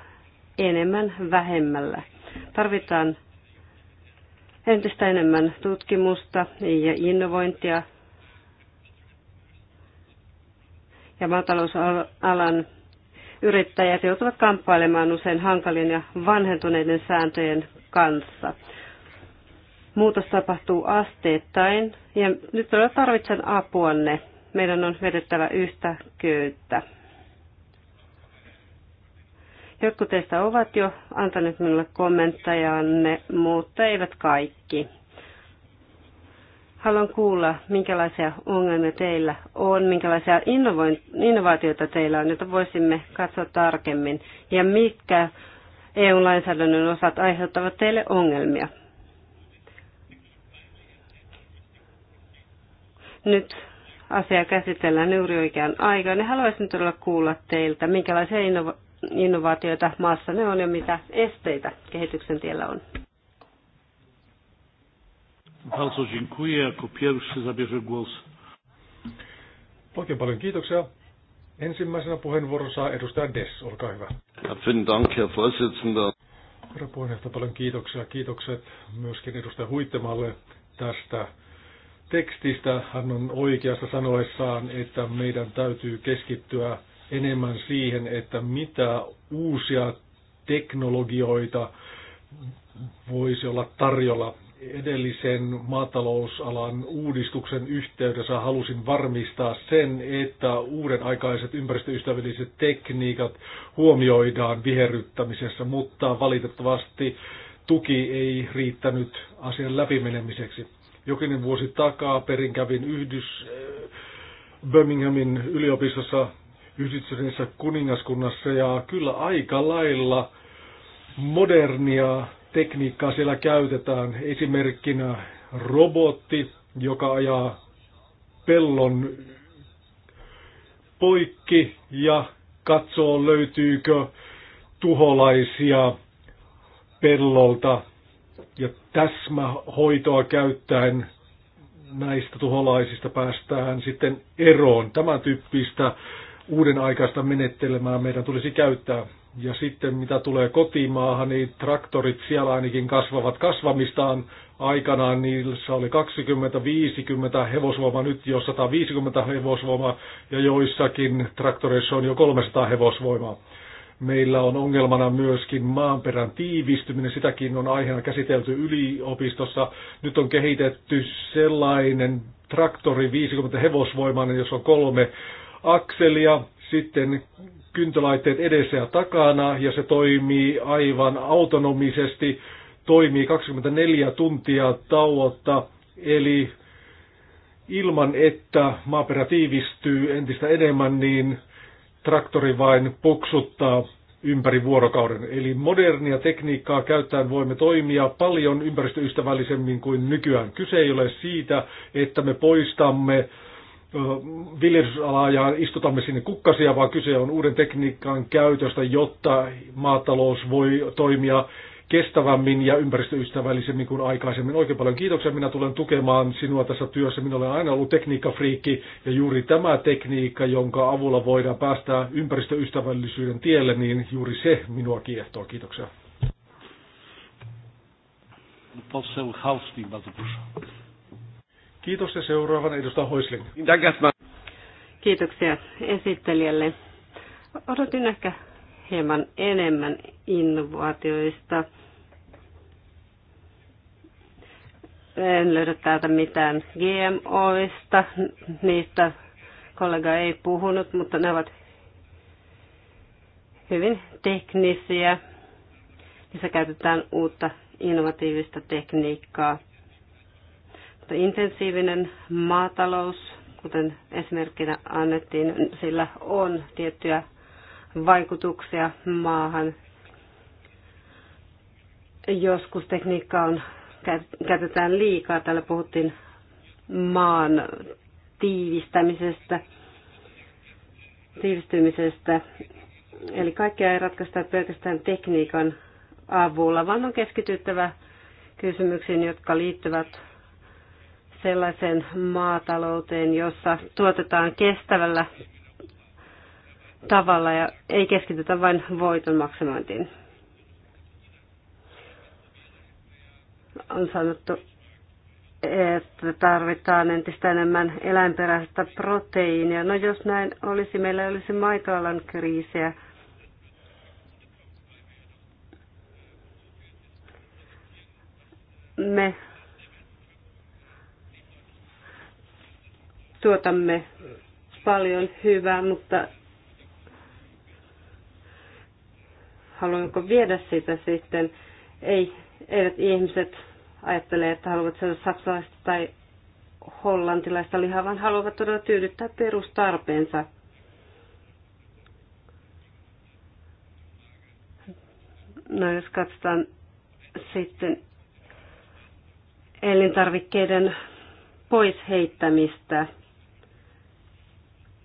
enemmän vähemmällä. Tarvitaan entistä enemmän tutkimusta ja innovointia ja maatalousalan yrittäjät joutuvat kamppailemaan usein hankalien ja vanhentuneiden sääntöjen kanssa. Muutos tapahtuu asteittain ja nyt todella tarvitsen apuanne. Meidän on vedettävä yhtä köyttä. Jotkut teistä ovat jo antaneet minulle kommenttejanne, mutta eivät kaikki. Haluan kuulla, minkälaisia ongelmia teillä on, minkälaisia innovaatioita teillä on, joita voisimme katsoa tarkemmin, ja mitkä EU-lainsäädännön osat aiheuttavat teille ongelmia. Nyt asia käsitellään juuri oikean aikaan. Ja haluaisin todella kuulla teiltä, minkälaisia innova- innovaatioita maassa ne on ja mitä esteitä kehityksen tiellä on. Bardzo dziękuję. Jako pierwszy zabierze głos. Oikein paljon kiitoksia. Ensimmäisenä puheenvuoron saa edustaja Dess. Olkaa hyvä. Ja, vielen Dank, Herr Vorsitzender. Herra puheenjohtaja, paljon kiitoksia. Kiitokset myöskin edustaja Huittemalle tästä tekstistä. Hän on oikeassa sanoessaan, että meidän täytyy keskittyä enemmän siihen, että mitä uusia teknologioita voisi olla tarjolla. Edellisen maatalousalan uudistuksen yhteydessä halusin varmistaa sen, että uuden aikaiset ympäristöystävälliset tekniikat huomioidaan viherryttämisessä, mutta valitettavasti tuki ei riittänyt asian läpimenemiseksi. Jokinen vuosi takaa perin kävin Yhdys, äh, Birminghamin yliopistossa Yhdistyneessä kuningaskunnassa ja kyllä aika lailla modernia tekniikkaa siellä käytetään. Esimerkkinä robotti, joka ajaa pellon poikki ja katsoo löytyykö tuholaisia pellolta ja täsmähoitoa käyttäen näistä tuholaisista päästään sitten eroon. Tämän tyyppistä uuden aikaista menettelemää meidän tulisi käyttää. Ja sitten mitä tulee kotimaahan, niin traktorit siellä ainakin kasvavat kasvamistaan. Aikanaan niissä oli 20-50 hevosvoimaa, nyt jo 150 hevosvoimaa ja joissakin traktoreissa on jo 300 hevosvoimaa. Meillä on ongelmana myöskin maanperän tiivistyminen. Sitäkin on aiheena käsitelty yliopistossa. Nyt on kehitetty sellainen traktori 50 hevosvoimainen, jossa on kolme akselia, sitten kyntölaitteet edessä ja takana ja se toimii aivan autonomisesti, toimii 24 tuntia tauotta, eli ilman että maaperä tiivistyy entistä enemmän, niin traktori vain puksuttaa ympäri vuorokauden. Eli modernia tekniikkaa käyttäen voimme toimia paljon ympäristöystävällisemmin kuin nykyään. Kyse ei ole siitä, että me poistamme viljelysalaa ja istutamme sinne kukkasia, vaan kyse on uuden tekniikan käytöstä, jotta maatalous voi toimia kestävämmin ja ympäristöystävällisemmin kuin aikaisemmin. Oikein paljon kiitoksia. Minä tulen tukemaan sinua tässä työssä. Minä olen aina ollut tekniikkafriikki ja juuri tämä tekniikka, jonka avulla voidaan päästä ympäristöystävällisyyden tielle, niin juuri se minua kiehtoo. Kiitoksia. Kiitos ja seuraavan edustaja Hoisling. Kiitoksia esittelijälle. Odotin ehkä hieman enemmän innovaatioista En löydä täältä mitään GMOista, niistä kollega ei puhunut, mutta ne ovat hyvin teknisiä. Niissä käytetään uutta innovatiivista tekniikkaa. Mutta intensiivinen maatalous, kuten esimerkkinä annettiin, sillä on tiettyjä vaikutuksia maahan. Joskus tekniikka on käytetään liikaa. Täällä puhuttiin maan tiivistämisestä, tiivistymisestä. Eli kaikkea ei ratkaista pelkästään tekniikan avulla, vaan on keskityttävä kysymyksiin, jotka liittyvät sellaiseen maatalouteen, jossa tuotetaan kestävällä tavalla ja ei keskitytä vain voiton maksimointiin. On sanottu, että tarvitaan entistä enemmän eläinperäistä proteiinia. No jos näin olisi, meillä olisi maitoalan kriisiä. Me tuotamme paljon hyvää, mutta haluanko viedä sitä sitten? Ei, eivät ihmiset ajattelee, että haluavat saada saksalaista tai hollantilaista lihaa, vaan haluavat todella tyydyttää perustarpeensa. No jos katsotaan sitten elintarvikkeiden pois heittämistä.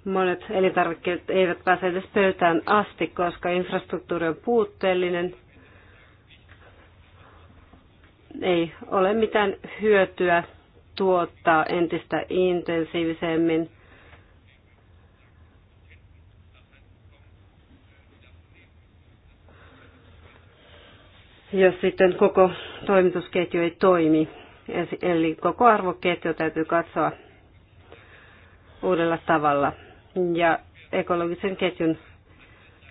Monet elintarvikkeet eivät pääse edes pöytään asti, koska infrastruktuuri on puutteellinen – ei ole mitään hyötyä tuottaa entistä intensiivisemmin. Jos sitten koko toimitusketju ei toimi, eli koko arvoketju täytyy katsoa uudella tavalla ja ekologisen ketjun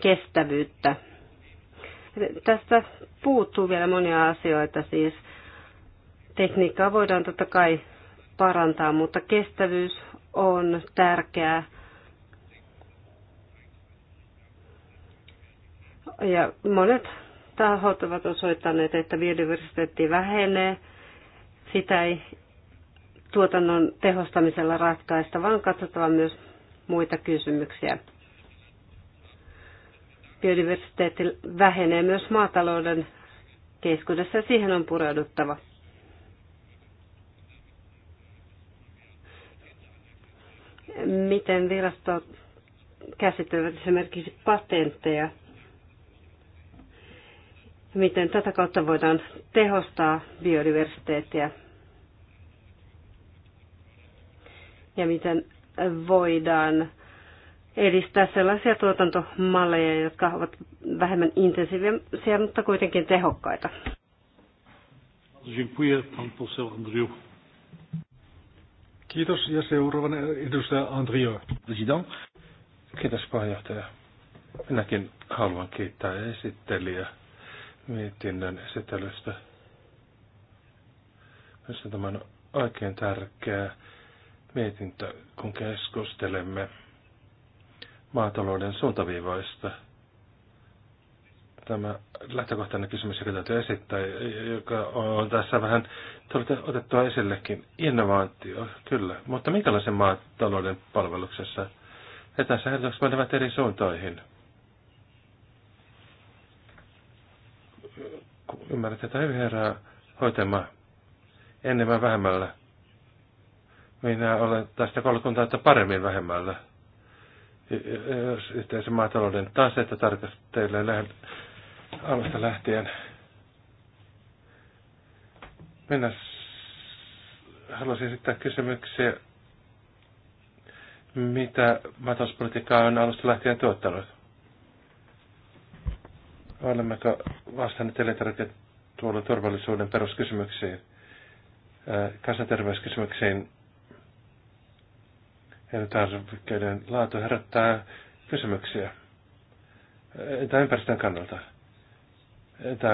kestävyyttä. Tästä puuttuu vielä monia asioita siis. Tekniikkaa voidaan totta kai parantaa, mutta kestävyys on tärkeää. Ja monet tahot ovat osoittaneet, että biodiversiteetti vähenee. Sitä ei tuotannon tehostamisella ratkaista, vaan katsotaan myös muita kysymyksiä biodiversiteetti vähenee myös maatalouden keskuudessa ja siihen on pureuduttava. Miten virasto käsittelevät esimerkiksi patentteja? Miten tätä kautta voidaan tehostaa biodiversiteettiä? Ja miten voidaan edistää sellaisia tuotantomalleja, jotka ovat vähemmän intensiivisiä, mutta kuitenkin tehokkaita. Kiitos ja seuraavana edustaja Andrio. Kiitos puheenjohtaja. Minäkin haluan kiittää esittelijä mietinnön esittelystä. Minusta tämä on oikein tärkeä mietintö, kun keskustelemme maatalouden suuntaviivoista. Tämä lähtökohtainen kysymys, joka täytyy esittää, joka on tässä vähän otettua esillekin, innovaatio, kyllä. Mutta minkälaisen maatalouden palveluksessa? He tässä ehdotukset menevät eri suuntoihin. Ymmärrät, että hyvin herää hoitamaan enemmän vähemmällä. Minä olen tästä kolkuntaa, että paremmin vähemmällä jos yhteisen maatalouden taseita tarkastelee alusta lähtien. Minä haluaisin esittää kysymyksiä, mitä maatalouspolitiikka on alusta lähtien tuottanut. Olemmeko vastanneet tuolla turvallisuuden peruskysymyksiin, kansanterveyskysymyksiin, elintarvikkeiden laatu herättää kysymyksiä. Entä ympäristön kannalta? Entä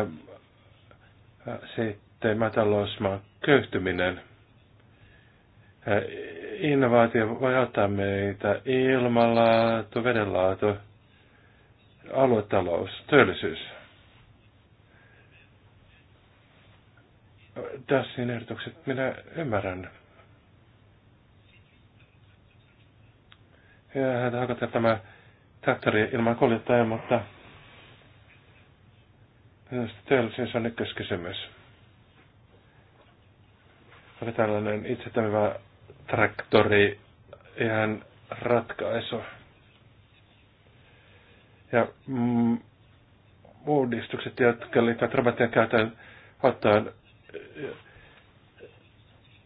äh, sitten matalousmaan köyhtyminen? Äh, innovaatio voi auttaa meitä ilmanlaatu, vedenlaatu, aluetalous, työllisyys. Dassin äh, ehdotukset minä ymmärrän. hän häntä hakata tämä traktori ilman kuljettaja, mutta teollisuus on ykköskysymys. Oli tällainen itse toimiva traktori ihan ratkaisu? Ja mm, uudistukset, jotka liittyvät robottien käyttöön, ottaa,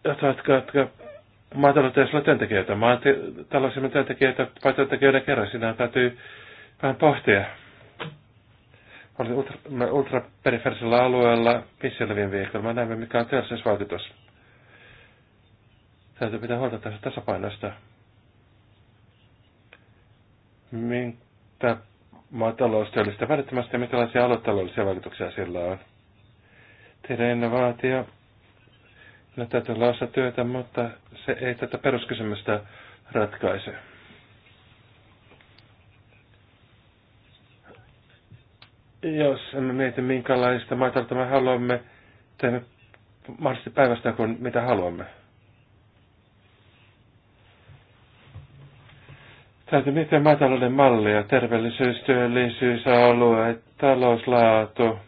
jotka, jotka mä oon maatalousteollisuudella työntekijöitä, Mä oon tällaisia työntekijöitä, vai työntekijöiden kerran. Siinä täytyy vähän pohtia. Mä Olin ultra, ultraperiferisellä alueella viime viikolla. Mä näin, mikä on teollisuusvaikutus. Täytyy pitää huolta tästä tasapainosta. Mitä työllistä välittömästi ja minkälaisia aluetaloudellisia vaikutuksia sillä on. Teidän innovaatio No täytyy olla osa työtä, mutta se ei tätä peruskysymystä ratkaise. Jos emme mieti, minkälaista maataloutta me haluamme, teemme mahdollisesti päivästä kuin mitä haluamme. Täytyy miettiä maatalouden mallia, terveellisyys, työllisyys, alue, talouslaatu,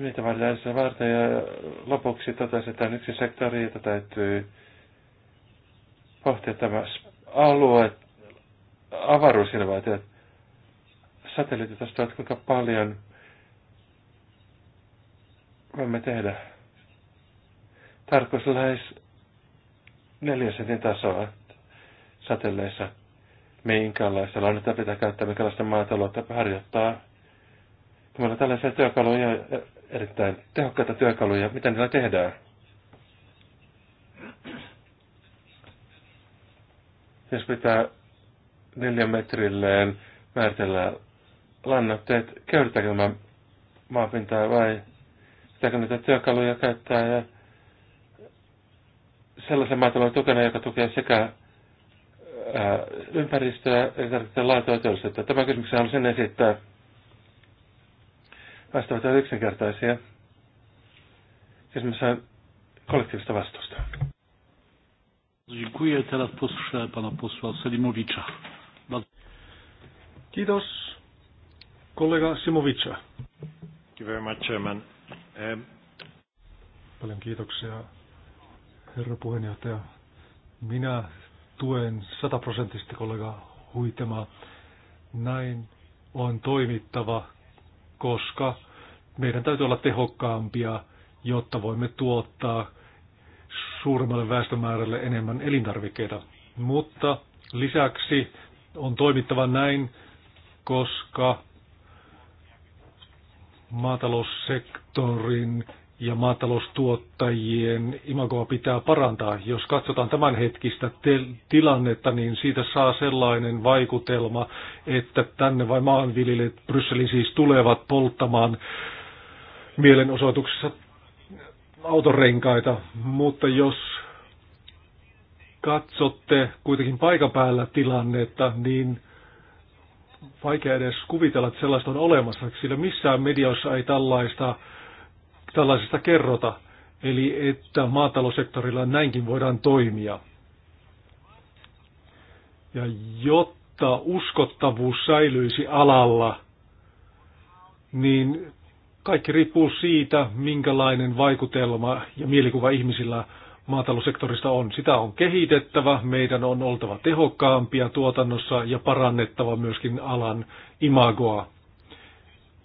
mitä varten varten ja lopuksi totesi, että on yksi sektori, jota täytyy pohtia tämä alue, avaruusinnovaatiot, satelliitit ostavat kuinka paljon voimme tehdä. Tarkoitus lähes neljä sentin tasoa satelleissa, minkälaista lannetta pitää käyttää, minkälaista maataloutta harjoittaa Meillä on tällaisia työkaluja, erittäin tehokkaita työkaluja. Mitä niillä tehdään? Jos pitää neljän metrilleen määritellä lannoitteet, käytetäänkö nämä maapintaa vai pitääkö niitä työkaluja käyttää ja sellaisen maatalouden tukena, joka tukee sekä ympäristöä, että laatua ja teollisuutta. Tämä kysymyksen haluaisin esittää vastaavat ovat yksinkertaisia. Siis mä saan kollektiivista vastuusta. Kiitos. Kollega Simovica. Thank you very much, um, Paljon kiitoksia, herra puheenjohtaja. Minä tuen sataprosenttisesti kollega Huitema. Näin on toimittava koska meidän täytyy olla tehokkaampia, jotta voimme tuottaa suuremmalle väestömäärälle enemmän elintarvikkeita. Mutta lisäksi on toimittava näin, koska maataloussektorin ja maataloustuottajien imagoa pitää parantaa. Jos katsotaan tämänhetkistä tilannetta, niin siitä saa sellainen vaikutelma, että tänne vai maanviljelijät Brysselin siis tulevat polttamaan mielenosoituksessa autorenkaita, mutta jos katsotte kuitenkin paikan päällä tilannetta, niin vaikea edes kuvitella, että sellaista on olemassa, sillä missään mediassa ei tällaista tällaisesta kerrota, eli että maataloussektorilla näinkin voidaan toimia. Ja jotta uskottavuus säilyisi alalla, niin kaikki riippuu siitä, minkälainen vaikutelma ja mielikuva ihmisillä maataloussektorista on. Sitä on kehitettävä, meidän on oltava tehokkaampia tuotannossa ja parannettava myöskin alan imagoa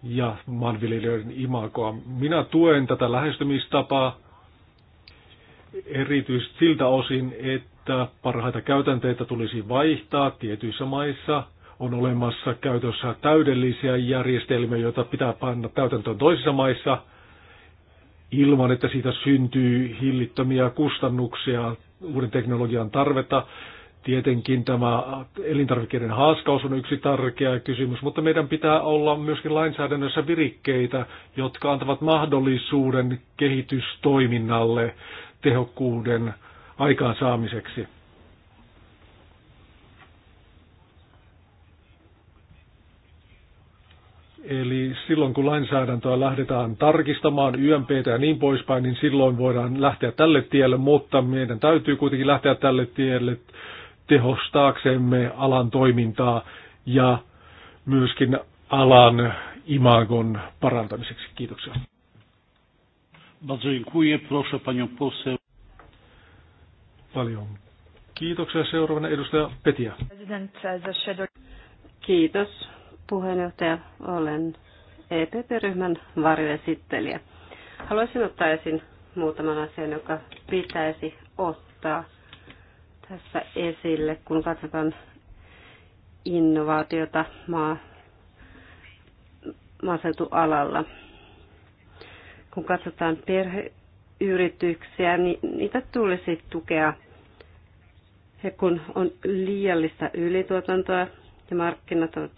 ja maanviljelijöiden imagoa. Minä tuen tätä lähestymistapaa erityisesti siltä osin, että parhaita käytänteitä tulisi vaihtaa tietyissä maissa. On olemassa käytössä täydellisiä järjestelmiä, joita pitää panna täytäntöön toisissa maissa ilman, että siitä syntyy hillittömiä kustannuksia, uuden teknologian tarvetta. Tietenkin tämä elintarvikkeiden haaskaus on yksi tärkeä kysymys, mutta meidän pitää olla myöskin lainsäädännössä virikkeitä, jotka antavat mahdollisuuden kehitystoiminnalle tehokkuuden aikaansaamiseksi. Eli silloin kun lainsäädäntöä lähdetään tarkistamaan, YMP ja niin poispäin, niin silloin voidaan lähteä tälle tielle, mutta meidän täytyy kuitenkin lähteä tälle tielle tehostaaksemme alan toimintaa ja myöskin alan imagon parantamiseksi. Kiitoksia. Paljon kiitoksia. Seuraavana edustaja Petia. Uh, Kiitos puheenjohtaja. Olen EPP-ryhmän varjoesittelijä. Haluaisin ottaa esiin muutaman asian, joka pitäisi ottaa tässä esille, kun katsotaan innovaatiota maa, maaseutualalla. Kun katsotaan perheyrityksiä, niin niitä tulisi tukea. Ja kun on liiallista ylituotantoa ja markkinat ovat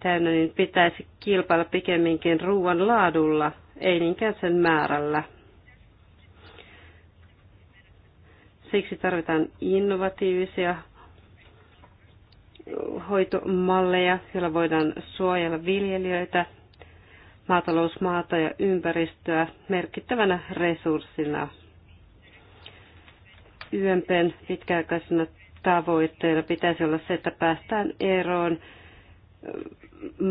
täynnä, niin pitäisi kilpailla pikemminkin ruoan laadulla, ei niinkään sen määrällä. Siksi tarvitaan innovatiivisia hoitomalleja, joilla voidaan suojella viljelijöitä, maatalousmaata ja ympäristöä merkittävänä resurssina. YMPn pitkäaikaisena tavoitteena pitäisi olla se, että päästään eroon äh,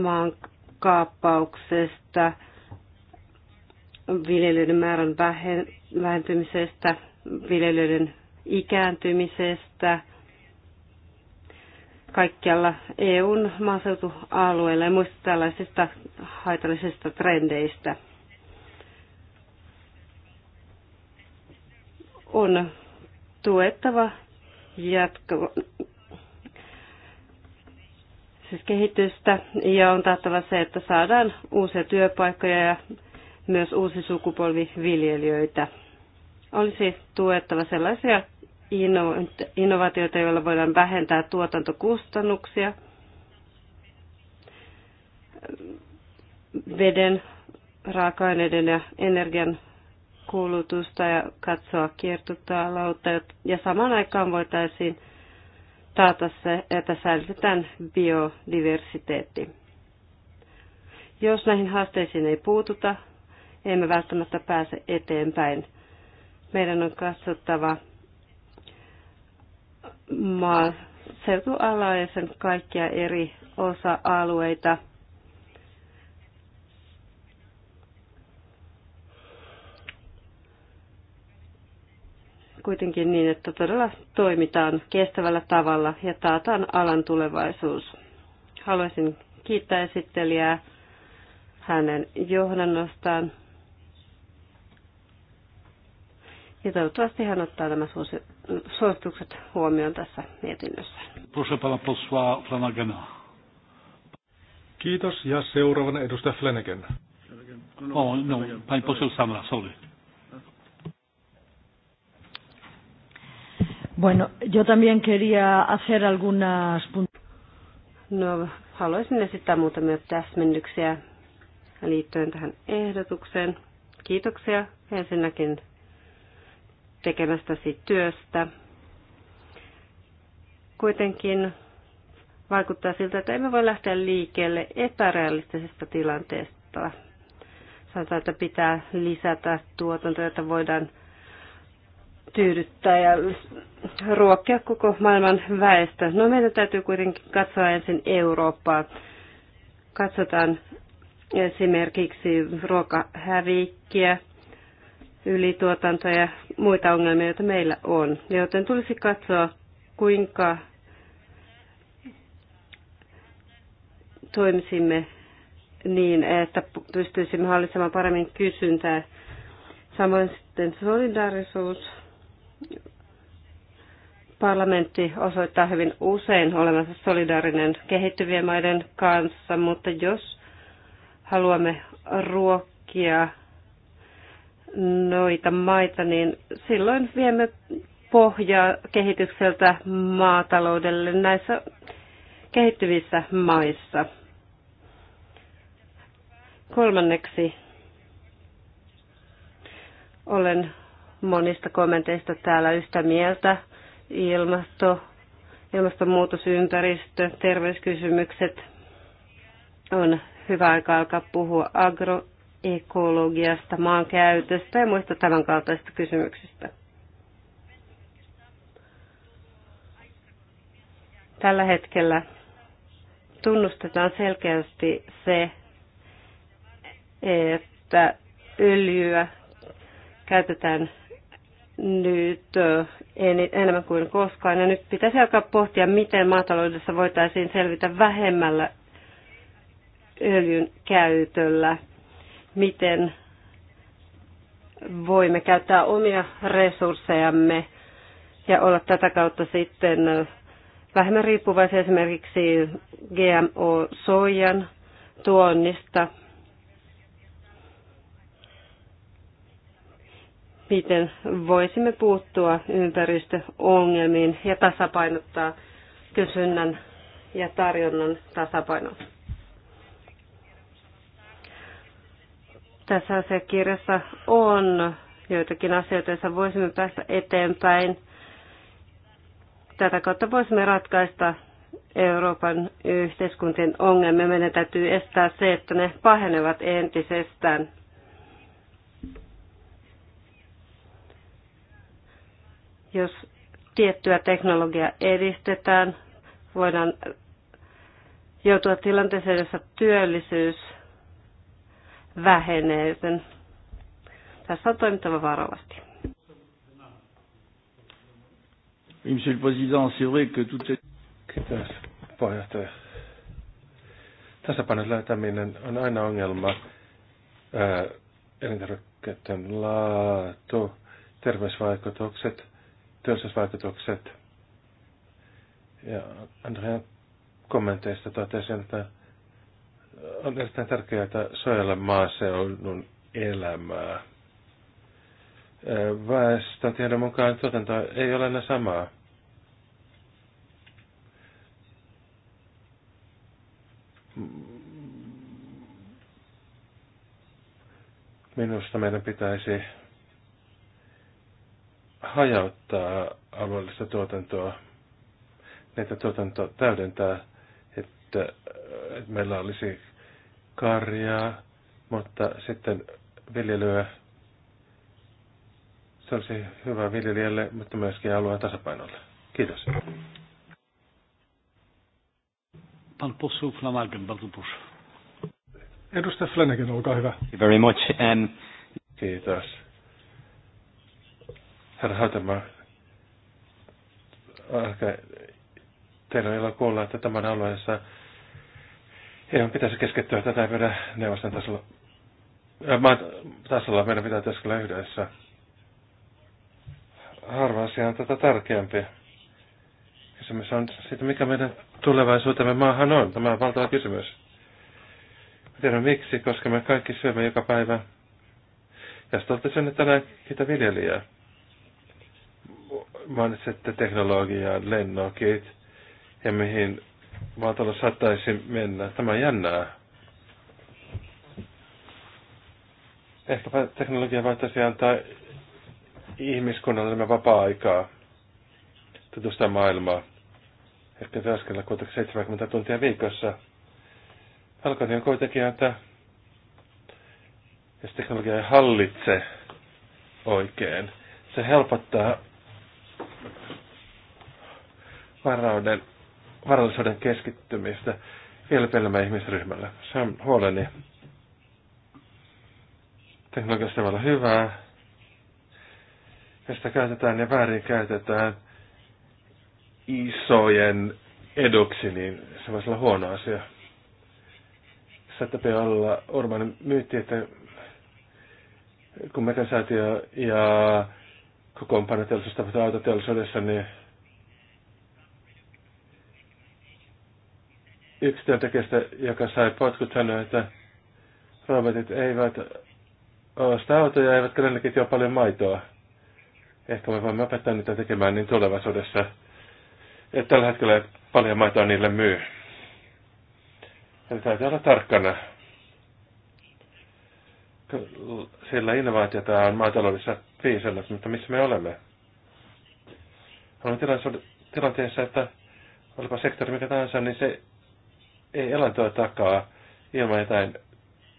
maan kaappauksesta, viljelyiden määrän vähentymisestä, viljelyiden ikääntymisestä kaikkialla EUn maaseutualueella ja muista tällaisista haitallisista trendeistä. On tuettava jatko, siis kehitystä ja on taattava se, että saadaan uusia työpaikkoja ja myös uusi sukupolvi viljelijöitä. Olisi tuettava sellaisia innovaatioita, joilla voidaan vähentää tuotantokustannuksia, veden, raaka-aineiden ja energian kulutusta ja katsoa kiertotaloutta. Ja samaan aikaan voitaisiin taata se, että säilytetään biodiversiteetti. Jos näihin haasteisiin ei puututa, emme välttämättä pääse eteenpäin. Meidän on katsottava maaseutuala ja sen kaikkia eri osa-alueita. Kuitenkin niin, että todella toimitaan kestävällä tavalla ja taataan alan tulevaisuus. Haluaisin kiittää esittelijää hänen johdannostaan Ja toivottavasti hän ottaa nämä suositukset huomioon tässä mietinnössä. Kiitos ja seuraavana edustaja Flanagan. Oh, no, pani Bueno, yo también quería hacer algunas No, haluaisin esittää muutamia täsmennyksiä liittyen tähän ehdotukseen. Kiitoksia ensinnäkin tekemästäsi työstä. Kuitenkin vaikuttaa siltä, että emme voi lähteä liikkeelle epärealistisesta tilanteesta. Sanotaan, että pitää lisätä tuotantoa, jota voidaan tyydyttää ja ruokkia koko maailman väestö. No meidän täytyy kuitenkin katsoa ensin Eurooppaa. Katsotaan esimerkiksi ruokahävikkiä ylituotantoja ja muita ongelmia, joita meillä on. Joten tulisi katsoa, kuinka toimisimme niin, että pystyisimme hallitsemaan paremmin kysyntää. Samoin sitten solidaarisuus. Parlamentti osoittaa hyvin usein olemassa solidaarinen kehittyvien maiden kanssa, mutta jos haluamme ruokkia noita maita, niin silloin viemme pohjaa kehitykseltä maataloudelle näissä kehittyvissä maissa. Kolmanneksi olen monista kommenteista täällä yhtä mieltä. Ilmasto, ilmastonmuutos, ympäristö, terveyskysymykset on hyvä aika alkaa puhua agro ekologiasta, maankäytöstä ja muista kaltaisista kysymyksistä. Tällä hetkellä tunnustetaan selkeästi se, että öljyä käytetään nyt enemmän kuin koskaan. Ja nyt pitäisi alkaa pohtia, miten maataloudessa voitaisiin selvitä vähemmällä öljyn käytöllä miten voimme käyttää omia resurssejamme ja olla tätä kautta sitten vähemmän riippuvaisia esimerkiksi GMO-soijan tuonnista. Miten voisimme puuttua ympäristöongelmiin ja tasapainottaa kysynnän ja tarjonnan tasapainoa. Tässä asiakirjassa on joitakin asioita, joissa voisimme päästä eteenpäin. Tätä kautta voisimme ratkaista Euroopan yhteiskuntien ongelmia. Meidän täytyy estää se, että ne pahenevat entisestään. Jos tiettyä teknologiaa edistetään, voidaan joutua tilanteeseen, jossa työllisyys vähenee, joten tässä on toimittava varovasti. Monsieur le Président, c'est vrai que tout est... Kiitos, puheenjohtaja. Tasapainon löytäminen on aina ongelma. Elintarvikkeiden laatu, terveysvaikutukset, työllisyysvaikutukset. Ja Andrean kommenteista totesin, että on erittäin tärkeää että suojella maaseudun elämää. tiedon mukaan tuotanto ei ole enää samaa. Minusta meidän pitäisi hajauttaa alueellista tuotantoa. Näitä tuotanto täydentää, että meillä olisi karjaa, mutta sitten viljelyä. Se olisi hyvä viljelijälle, mutta myöskin alueen tasapainolle. Kiitos. Pan poseł Flanagan, bardzo proszę. Edustaja Flanagan, olkaa hyvä. Very much. Um... Kiitos. Herra ehkä teillä on ilo kuulla, että tämän alueessa on pitäisi keskittyä tätä ei neuvoston tasolla. Äh, Mä, tasolla meidän pitää kyllä yhdessä. Harva asia on tätä tärkeämpi. Kysymys on siitä, mikä meidän tulevaisuutemme maahan on. Tämä on valtava kysymys. Mä tiedän miksi, koska me kaikki syömme joka päivä. Ja sitten olette syöneet tänään kiitä viljelijää. Mainitsette teknologiaa, lennokit ja mihin tällä saattaisi mennä. Tämä on jännää. Ehkäpä teknologia voitaisiin antaa ihmiskunnalle nämä vapaa-aikaa tutusta maailmaa. Ehkä työskennellä kuitenkin 70 tuntia viikossa. Alkoi on niin kuitenkin antaa, jos teknologia ei hallitse oikein. Se helpottaa varauden varallisuuden keskittymistä vielä ihmisryhmällä. Se on huoleni. Teknologiasta voi olla hyvää, ja sitä käytetään ja väärin käytetään isojen eduksi, niin se voisi olla huono asia. Saattaa olla Orman myytti, että kun ja säätiö ja kokoonpanoteollisuus tapahtuu autoteollisuudessa, niin Yksi työntekijästä, joka sai potkut, sanoi, että robotit eivät osta autoja, eivätkä lennäkit jo paljon maitoa. Ehkä me voimme opettaa niitä tekemään niin tulevaisuudessa. Että tällä hetkellä ei paljon maitoa niille myy. Eli täytyy olla tarkkana. Sillä innovaatiota on maataloudessa viisannut, mutta missä me olemme? Olemme tilanteessa, että olipa sektori mikä tahansa, niin se ei elantoa takaa ilman jotain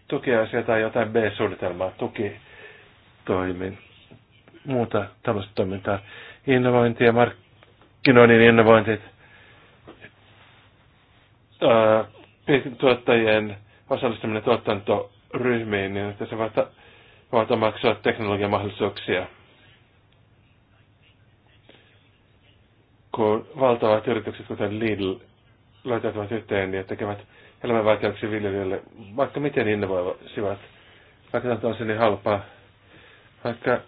tukiaisia tai jotain B-suunnitelmaa, tukitoimin, muuta tällaista toimintaa, innovointia, markkinoinnin innovointit, tuottajien osallistuminen tuotantoryhmiin, niin että se voit, voit omaksua teknologian mahdollisuuksia. Kun valtavat yritykset, kuten Lidl, löytäytyvät yhteen ja tekevät elämänvaikeuksia viljelijöille, vaikka miten innovoivat, vaikka tämä on niin halpaa, vaikka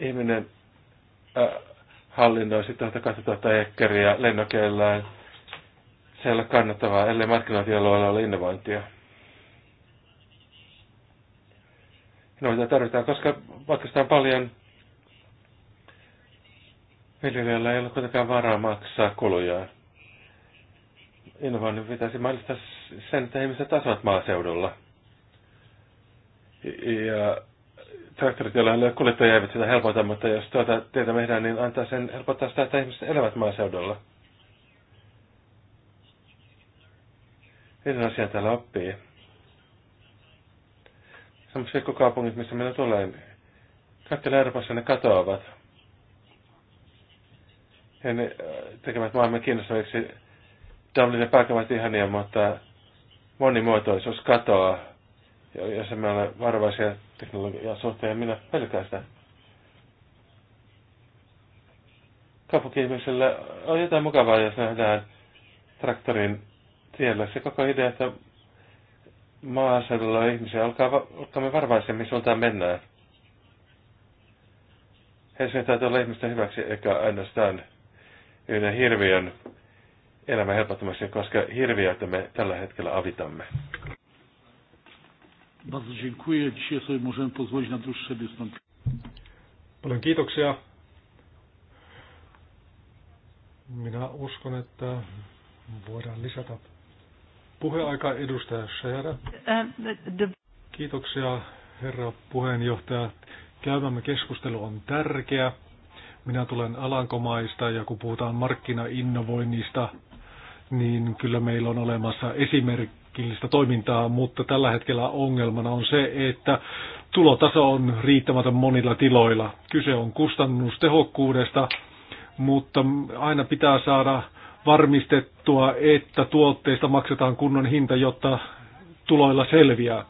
ihminen äh, hallinnoi sitten 2000 tuota ekkeriä lennokeillään, se ei ole kannattavaa, ellei markkinointialueella ole innovointia. Innovointia tarvitaan, koska vaikka sitä on paljon, viljelijöillä ei ole kuitenkaan varaa maksaa kulujaan innovoinnin pitäisi mainita sen, että ihmiset asuvat maaseudulla. Ja traktorit, joilla kuljettajia eivät sitä helpota, mutta jos tuota tietä tehdään, niin antaa sen helpottaa sitä, että ihmiset elävät maaseudulla. Yhden asian täällä oppii. Sellaiset pikkukaupungit, missä minä tulee, niin kaikki Euroopassa ne katoavat. Ja ne äh, tekevät maailman kiinnostaviksi Dublinin paikka ovat ihania, mutta monimuotoisuus katoaa. Ja jos emme ole varovaisia teknologian suhteen, minä pelkään sitä. Kaupunki-ihmisellä on jotain mukavaa, jos nähdään traktorin tiellä. Se koko idea, että maaseudulla ihmisiä, olkaa, olkaa me varovaisia, mihin suuntaan mennään. Helsingin täytyy olla ihmisten hyväksi, eikä ainoastaan yhden hirviön elämän helpottamassa koska hirviöitä me tällä hetkellä avitamme. Paljon kiitoksia. Minä uskon, että voidaan lisätä puheaika edustaja Shehra. Ähm, kiitoksia herra puheenjohtaja. Käymämme keskustelu on tärkeä. Minä tulen Alankomaista ja kun puhutaan markkinainnovoinnista, niin kyllä meillä on olemassa esimerkillistä toimintaa, mutta tällä hetkellä ongelmana on se, että tulotaso on riittämätön monilla tiloilla. Kyse on kustannustehokkuudesta, mutta aina pitää saada varmistettua, että tuotteista maksetaan kunnon hinta, jotta tuloilla selviää.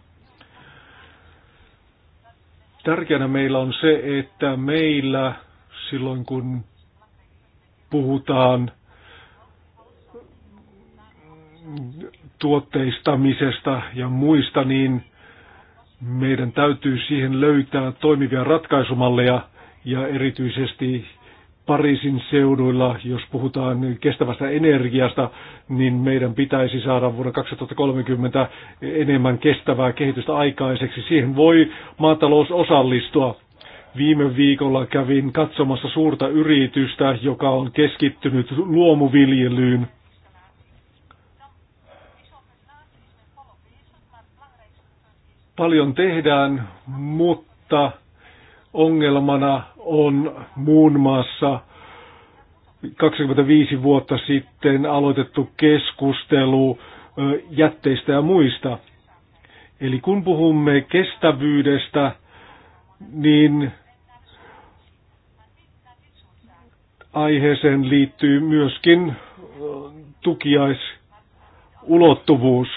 Tärkeänä meillä on se, että meillä silloin kun puhutaan tuotteistamisesta ja muista, niin meidän täytyy siihen löytää toimivia ratkaisumalleja ja erityisesti Pariisin seuduilla, jos puhutaan kestävästä energiasta, niin meidän pitäisi saada vuonna 2030 enemmän kestävää kehitystä aikaiseksi. Siihen voi maatalous osallistua. Viime viikolla kävin katsomassa suurta yritystä, joka on keskittynyt luomuviljelyyn Paljon tehdään, mutta ongelmana on muun muassa 25 vuotta sitten aloitettu keskustelu jätteistä ja muista. Eli kun puhumme kestävyydestä, niin aiheeseen liittyy myöskin tukiaisulottuvuus.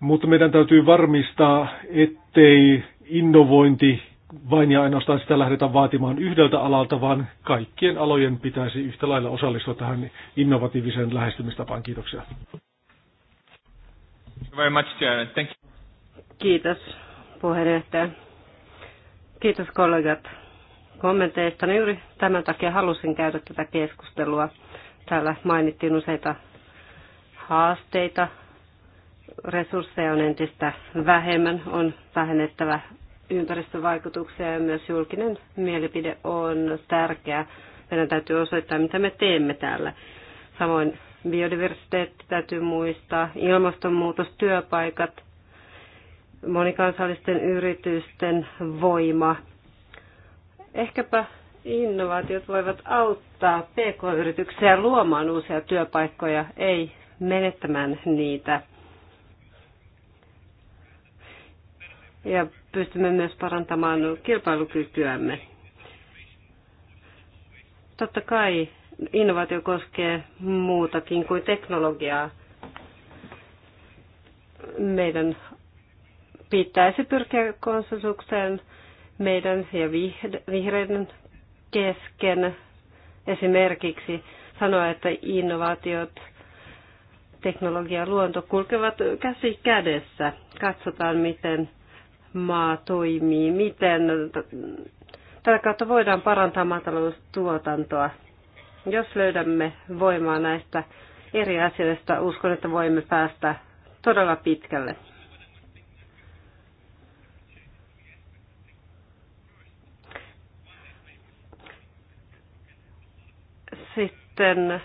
Mutta meidän täytyy varmistaa, ettei innovointi vain ja ainoastaan sitä lähdetä vaatimaan yhdeltä alalta, vaan kaikkien alojen pitäisi yhtä lailla osallistua tähän innovatiiviseen lähestymistapaan. Kiitoksia. Very much, Thank you. Kiitos puheenjohtaja. Kiitos kollegat kommenteista. Juuri tämän takia halusin käydä tätä keskustelua. Täällä mainittiin useita haasteita resursseja on entistä vähemmän, on vähennettävä ympäristövaikutuksia ja myös julkinen mielipide on tärkeä. Meidän täytyy osoittaa, mitä me teemme täällä. Samoin biodiversiteetti täytyy muistaa, ilmastonmuutos, työpaikat, monikansallisten yritysten voima. Ehkäpä innovaatiot voivat auttaa pk-yrityksiä luomaan uusia työpaikkoja, ei menettämään niitä. ja pystymme myös parantamaan kilpailukykyämme. Totta kai innovaatio koskee muutakin kuin teknologiaa. Meidän pitäisi pyrkiä konsensukseen meidän ja vihreiden kesken esimerkiksi sanoa, että innovaatiot, teknologia ja luonto kulkevat käsi kädessä. Katsotaan, miten maa toimii, miten tätä kautta voidaan parantaa maataloustuotantoa. Jos löydämme voimaa näistä eri asioista, uskon, että voimme päästä todella pitkälle. Sitten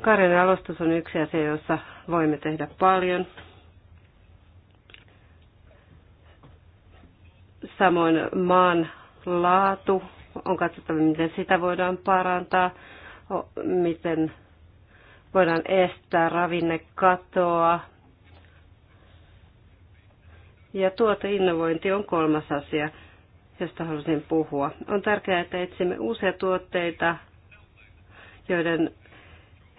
Karjan alustus on yksi asia, jossa voimme tehdä paljon. Samoin maan laatu on katsottava, miten sitä voidaan parantaa, miten voidaan estää ravinnekatoa. Ja tuoteinnovointi on kolmas asia, josta halusin puhua. On tärkeää, että etsimme uusia tuotteita, joiden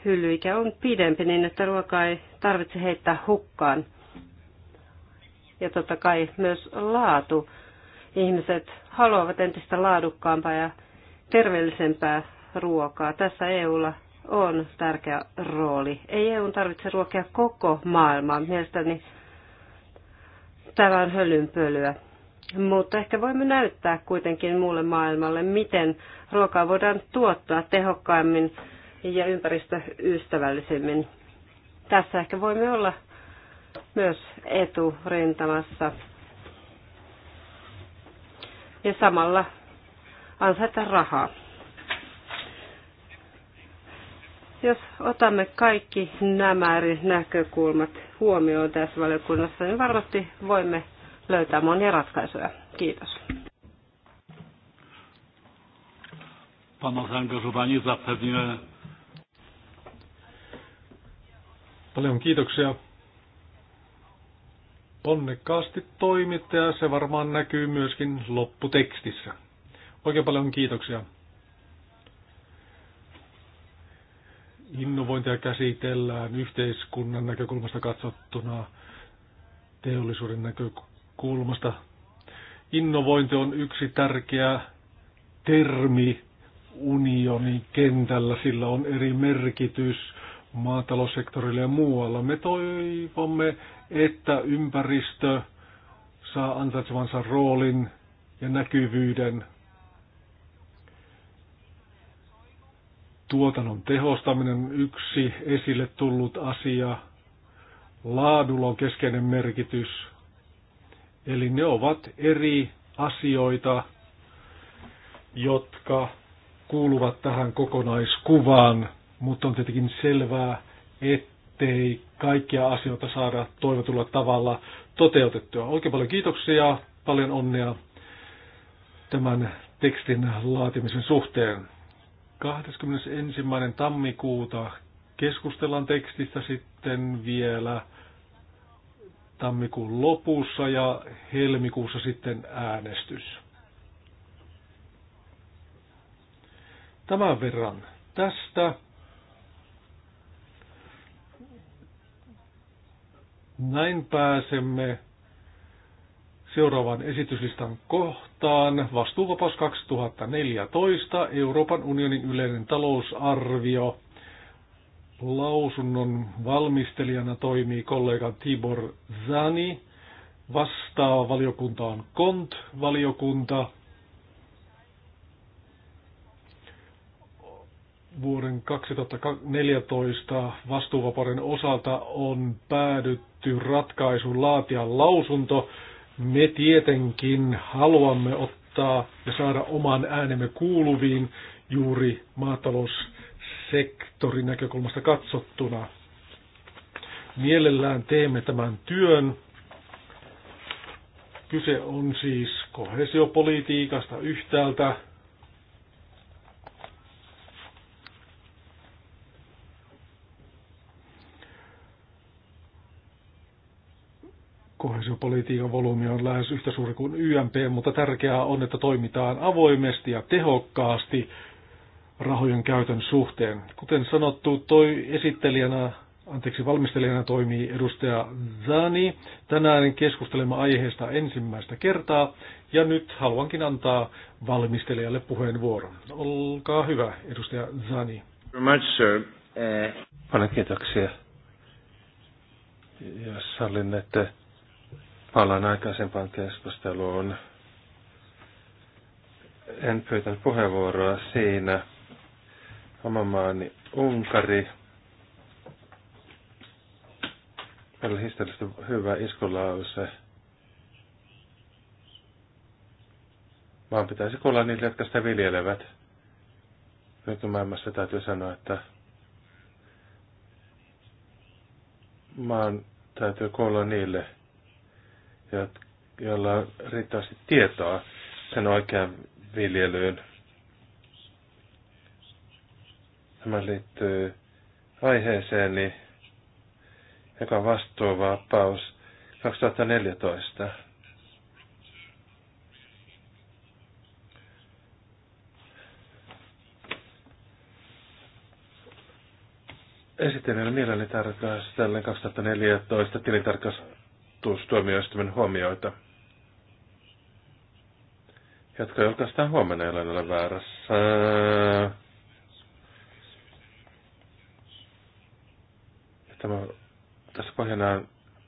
hyllyikä on pidempi niin, että ruokaa ei tarvitse heittää hukkaan. Ja totta kai myös laatu. Ihmiset haluavat entistä laadukkaampaa ja terveellisempää ruokaa. Tässä EUlla on tärkeä rooli. Ei EUn tarvitse ruokia koko maailmaa. Mielestäni tämä on hölynpölyä. Mutta ehkä voimme näyttää kuitenkin muulle maailmalle, miten ruokaa voidaan tuottaa tehokkaimmin ja ympäristöystävällisemmin. Tässä ehkä voimme olla myös eturintamassa ja samalla ansaita rahaa. Jos otamme kaikki nämä eri näkökulmat huomioon tässä valiokunnassa, niin varmasti voimme löytää monia ratkaisuja. Kiitos. Pana zaangażowanie zapewne Paljon kiitoksia. Onnekkaasti toimitte ja se varmaan näkyy myöskin lopputekstissä. Oikein paljon kiitoksia. Innovointia käsitellään yhteiskunnan näkökulmasta katsottuna, teollisuuden näkökulmasta. Innovointi on yksi tärkeä termi unionin kentällä, sillä on eri merkitys – maataloussektorille ja muualla. Me toivomme, että ympäristö saa ansaitsevansa roolin ja näkyvyyden tuotannon tehostaminen yksi esille tullut asia. Laadulla on keskeinen merkitys. Eli ne ovat eri asioita, jotka kuuluvat tähän kokonaiskuvaan mutta on tietenkin selvää, ettei kaikkia asioita saada toivotulla tavalla toteutettua. Oikein paljon kiitoksia, paljon onnea tämän tekstin laatimisen suhteen. 21. tammikuuta keskustellaan tekstistä sitten vielä tammikuun lopussa ja helmikuussa sitten äänestys. Tämän verran tästä. Näin pääsemme seuraavan esityslistan kohtaan. Vastuuvapaus 2014, Euroopan unionin yleinen talousarvio. Lausunnon valmistelijana toimii kollega Tibor Zani. Vastaava valiokunta on KONT-valiokunta. vuoden 2014 vastuuvapauden osalta on päädytty ratkaisun laatia lausunto. Me tietenkin haluamme ottaa ja saada oman äänemme kuuluviin juuri maataloussektorin näkökulmasta katsottuna. Mielellään teemme tämän työn. Kyse on siis kohesiopolitiikasta yhtäältä, kohesiopolitiikan volyymi on lähes yhtä suuri kuin YMP, mutta tärkeää on, että toimitaan avoimesti ja tehokkaasti rahojen käytön suhteen. Kuten sanottu, toi esittelijänä, anteeksi, valmistelijana toimii edustaja Zani. Tänään keskustelemme aiheesta ensimmäistä kertaa ja nyt haluankin antaa valmistelijalle puheenvuoron. Olkaa hyvä, edustaja Zani. Eh. Paljon kiitoksia. Jos sallin, että Palaan aikaisempaan keskusteluun. En pyytänyt puheenvuoroa siinä. Oma maani Unkari. Meillä on historiallisesti hyvä iskulause. Vaan pitäisi kuulla niille, jotka sitä viljelevät. maailmassa täytyy sanoa, että maan täytyy kuulla niille, joilla on riittävästi tietoa sen oikean viljelyyn. Tämä liittyy aiheeseeni, joka on vastuuvapaus 2014. esittelen mielelläni tarkastellen 2014 tilintarkastus tilintarkastustuomioistuimen huomioita, jotka julkaistaan huomenna, jollain ole väärässä. Tämä, tässä pohjana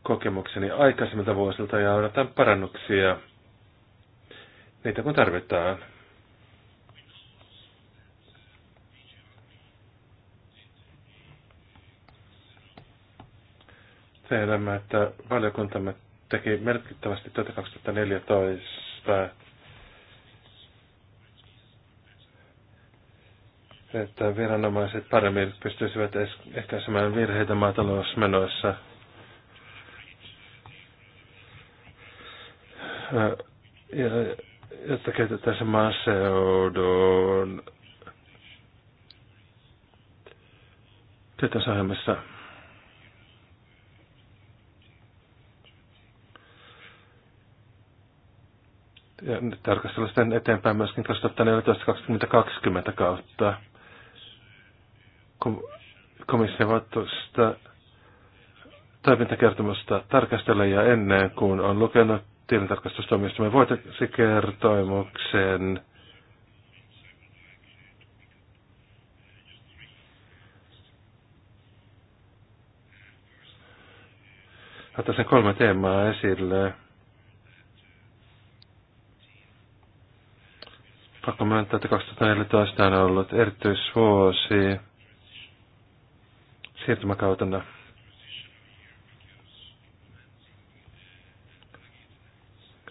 kokemukseni aikaisemmilta vuosilta ja odotan parannuksia niitä kun tarvitaan. tiedämme, että valiokuntamme teki merkittävästi tätä 2014 että viranomaiset paremmin pystyisivät ehkäisemään virheitä maatalousmenoissa. Ja, jotta käytetään se maaseudun tietosahjelmissa. ja tarkastella sitten eteenpäin myöskin 2014-2020 kautta komission tuosta toimintakertomusta tarkastella ja ennen kuin on lukenut tilintarkastustoimistamme vuosikertomuksen ottaisin kolme teemaa esille. Pakko myöntää, että 2014 on ollut erityisvuosi siirtymäkautena.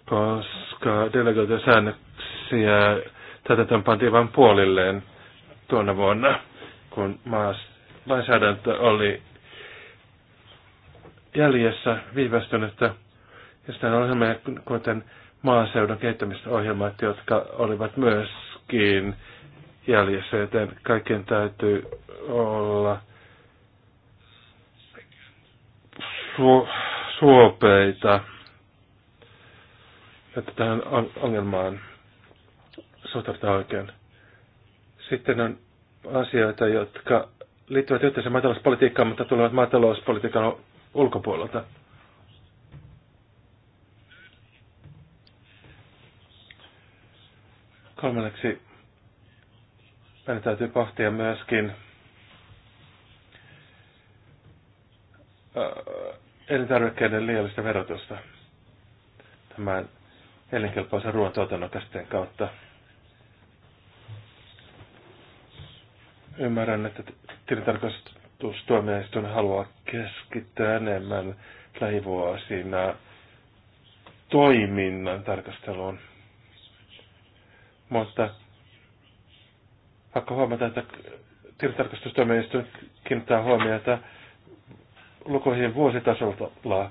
Koska delegaatiosäännöksiä tätä pantiin vain puolilleen tuona vuonna, kun maas lainsäädäntö oli jäljessä viivästynyttä. Ja sitten ohjelmia, kuten maaseudun kehittämisohjelmat, jotka olivat myöskin jäljessä, joten kaikkien täytyy olla su- suopeita että tähän ongelmaan suhtaudutaan oikein. Sitten on asioita, jotka liittyvät yhteisen maatalouspolitiikkaan, mutta tulevat maatalouspolitiikan ulkopuolelta. Kolmanneksi meidän täytyy pohtia myöskin elintarvikkeiden liiallista verotusta tämän elinkelpoisen ruoantuotannon käsitteen kautta. Ymmärrän, että tilintarkastustuomioistuin haluaa keskittää enemmän lähivuosina toiminnan tarkasteluun. Mutta pakko huomata, että tilintarkastustuomioistuin kiinnittää huomiota lukuihin vuositasolla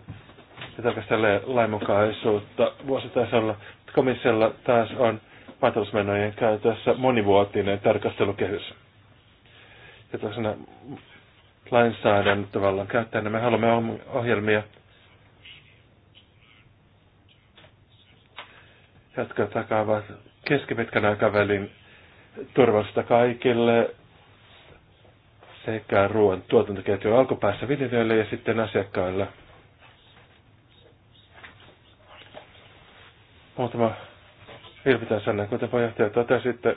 ja tarkastelee lainmukaisuutta vuositasolla. Komissiolla taas on maatalousmenojen käytössä monivuotinen tarkastelukehys. Ja tosiaan lainsäädännön tavallaan käyttäen, me haluamme ohjelmia, jotka takaavat keskipitkän aikavälin turvallista kaikille sekä ruoan tuotantoketjun alkupäässä viljelijöille ja sitten asiakkaille. Muutama vilpitön sana, kuten puheenjohtaja totesi, että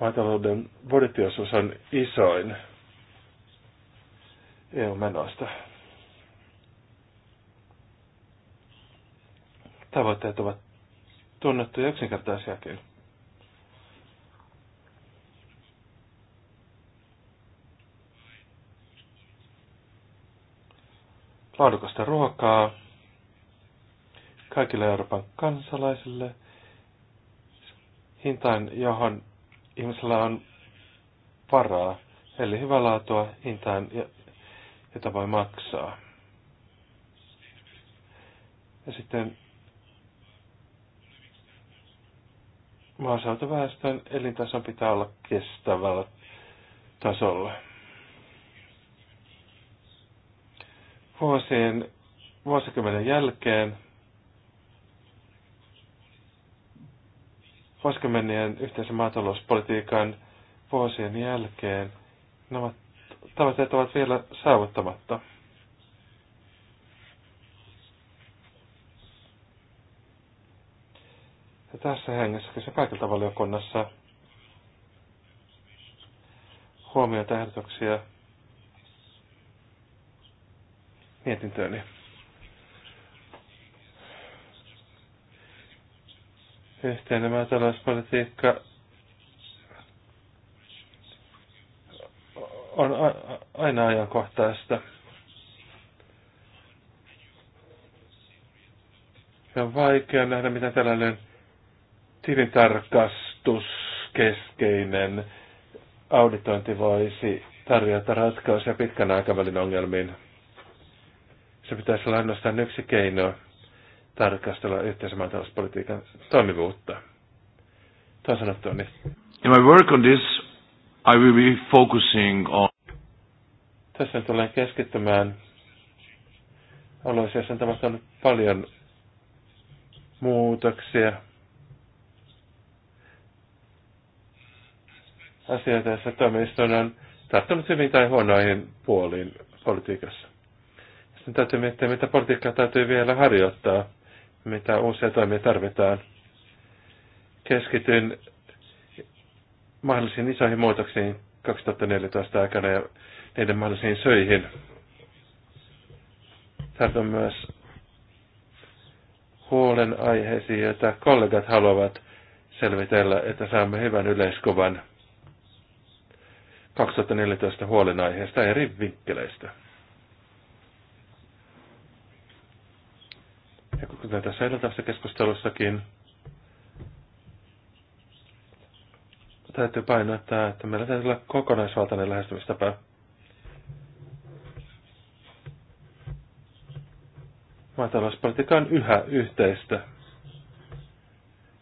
maatalouden budjettiosuus on isoin EU-menoista. tavoitteet ovat tunnettuja yksinkertaisiakin. Laadukasta ruokaa kaikille Euroopan kansalaisille hintaan, johon ihmisellä on varaa, eli hyvää laatua hintaan, jota voi maksaa. Ja sitten maaseutuväestön elintason pitää olla kestävällä tasolla. Vuosien, vuosikymmenen jälkeen vuosikymmenien yhteisen maatalouspolitiikan vuosien jälkeen nämä tavoitteet ovat vielä saavuttamatta. tässä hengessä kysyn kaikilta valiokunnassa huomioita ehdotuksia mietintööni. Yhteinen maatalouspolitiikka on aina ajankohtaista. Ja on vaikea nähdä, miten tällainen keskeinen auditointi voisi tarjota ratkaisuja pitkän aikavälin ongelmiin. Se pitäisi olla ainoastaan yksi keino tarkastella yhteisömaatalouspolitiikan toimivuutta. Toin sanottua niin. In my work on this, I will be focusing on... Tässä tulee keskittymään oloisiin, jossa on tapahtunut paljon muutoksia. asioita, joissa tuomioistuin on tarttunut hyvin tai huonoihin puoliin politiikassa. Sitten täytyy miettiä, mitä politiikkaa täytyy vielä harjoittaa, mitä uusia toimia tarvitaan. Keskityn mahdollisiin isoihin muutoksiin 2014 aikana ja niiden mahdollisiin söihin. on myös huolenaiheisiin, joita kollegat haluavat selvitellä, että saamme hyvän yleiskuvan – 2014 huolenaiheesta eri vinkkeleistä. Ja kuten tässä edeltävässä keskustelussakin, täytyy painottaa, että meillä täytyy olla kokonaisvaltainen lähestymistapa. Maatalouspolitiikka on yhä yhteistä.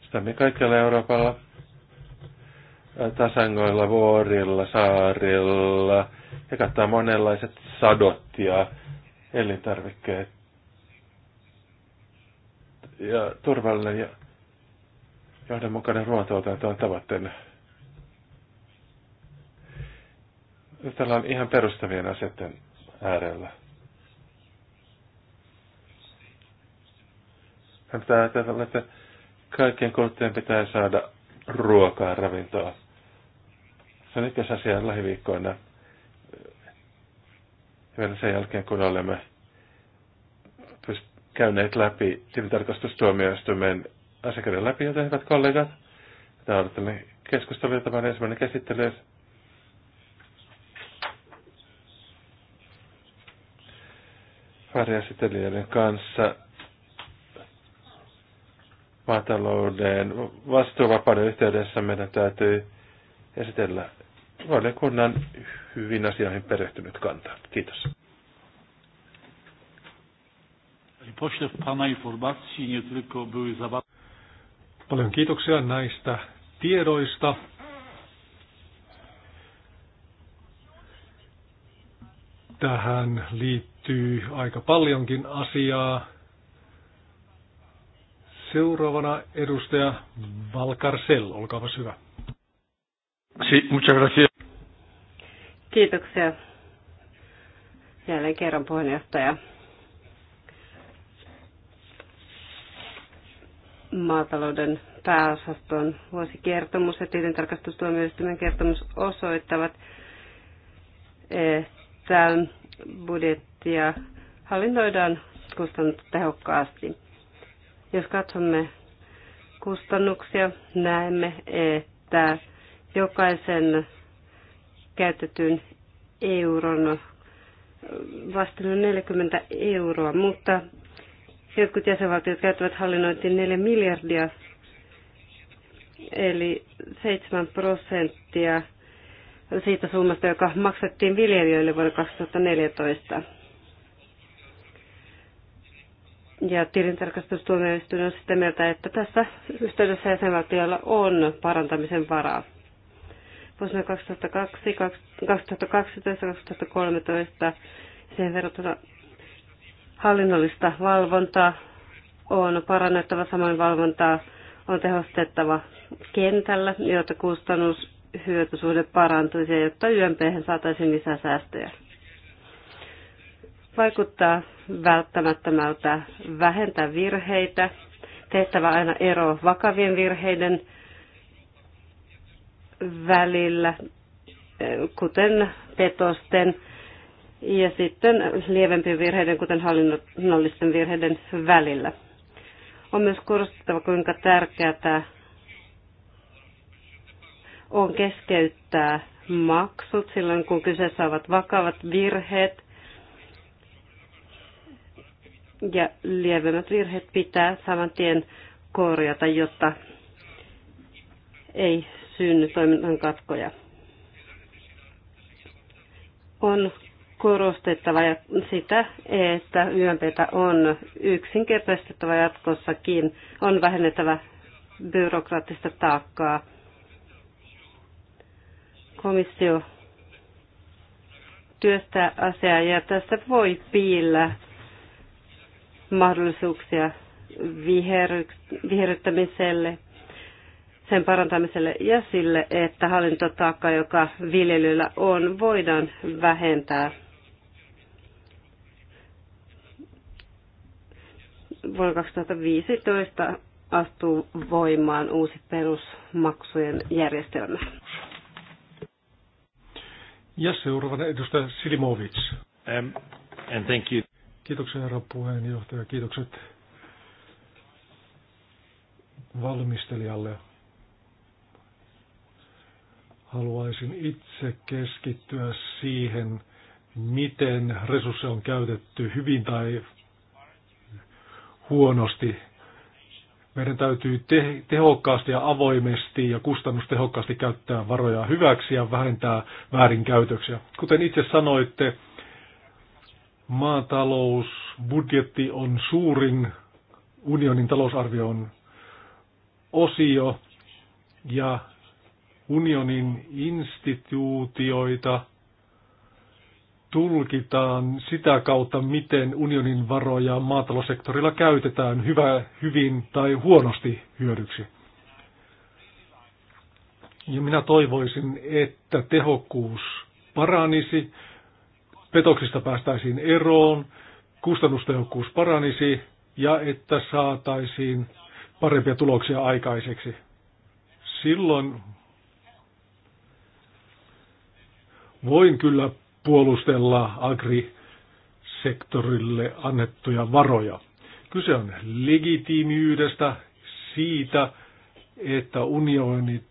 Sitä me kaikkialla Euroopalla tasangoilla, vuorilla, saarilla ja kattaa monenlaiset sadot ja elintarvikkeet. Ja turvallinen ja johdonmukainen ruoantuotanto on tavoitteena. Nyt ollaan ihan perustavien asioiden äärellä. Hän pitää ajatella, että kaikkien kuluttajien pitää saada ruokaa ravintoa. Se on asiassa lähiviikkoina. Vielä sen jälkeen, kun olemme käyneet läpi tilintarkastustuomioistuimen asiakirjan läpi, joten hyvät kollegat, tämä on tällainen keskustelu, tämä on ensimmäinen käsittely. Pariasitelijöiden kanssa maatalouden vastuuvapauden yhteydessä meidän täytyy esitellä valiokunnan hyvin asioihin perehtynyt kanta. Kiitos. Paljon kiitoksia näistä tiedoista. Tähän liittyy aika paljonkin asiaa. Seuraavana edustaja Valkarsel, olkaapas hyvä. Sí, muchas gracias. Kiitoksia. Jälleen kerran puheenjohtaja. Maatalouden pääosaston vuosikertomus ja tilintarkastustuomioistuimen kertomus osoittavat, että budjettia hallinnoidaan kustannustehokkaasti. Jos katsomme kustannuksia, näemme, että jokaisen käytetyn euron vastannut 40 euroa, mutta jotkut jäsenvaltiot käyttävät hallinnointiin 4 miljardia, eli 7 prosenttia siitä summasta, joka maksettiin viljelijöille vuonna 2014. Ja tilintarkastustuomioistuin on sitä mieltä, että tässä yhteydessä jäsenvaltioilla on parantamisen varaa vuosina 2002, 2012 ja 2013 siihen verrattuna hallinnollista valvontaa on parannettava, samoin valvontaa on tehostettava kentällä, jotta kustannushyötysuhde parantuisi ja jotta YMP saataisiin lisää säästöjä. Vaikuttaa välttämättömältä vähentää virheitä, tehtävä aina ero vakavien virheiden välillä, kuten petosten ja sitten lievempien virheiden, kuten hallinnollisten virheiden välillä. On myös korostettava, kuinka tärkeää on keskeyttää maksut silloin, kun kyseessä ovat vakavat virheet. Ja lievemmät virheet pitää saman tien korjata, jotta ei synny toiminnan katkoja. On korostettava sitä, että yönpeitä on yksinkertaistettava jatkossakin, on vähennettävä byrokraattista taakkaa. Komissio työstää asiaa ja tässä voi piillä mahdollisuuksia viherryttämiselle sen parantamiselle ja sille, että hallintotaakka, joka viljelyllä on, voidaan vähentää. Vuonna 2015 astuu voimaan uusi perusmaksujen järjestelmä. Ja seuraavana edustaja Silimovic. Um, and thank you. Kiitoksia herra puheenjohtaja. Kiitokset valmistelijalle Haluaisin itse keskittyä siihen, miten resursseja on käytetty hyvin tai huonosti. Meidän täytyy te- tehokkaasti ja avoimesti ja kustannustehokkaasti käyttää varoja hyväksi ja vähentää väärinkäytöksiä. Kuten itse sanoitte, maatalousbudjetti on suurin unionin talousarvion osio ja unionin instituutioita tulkitaan sitä kautta, miten unionin varoja maataloussektorilla käytetään hyvä, hyvin tai huonosti hyödyksi. Ja minä toivoisin, että tehokkuus paranisi, petoksista päästäisiin eroon, kustannustehokkuus paranisi ja että saataisiin parempia tuloksia aikaiseksi. Silloin Voin kyllä puolustella agrisektorille annettuja varoja. Kyse on legitiimiydestä, siitä, että unionit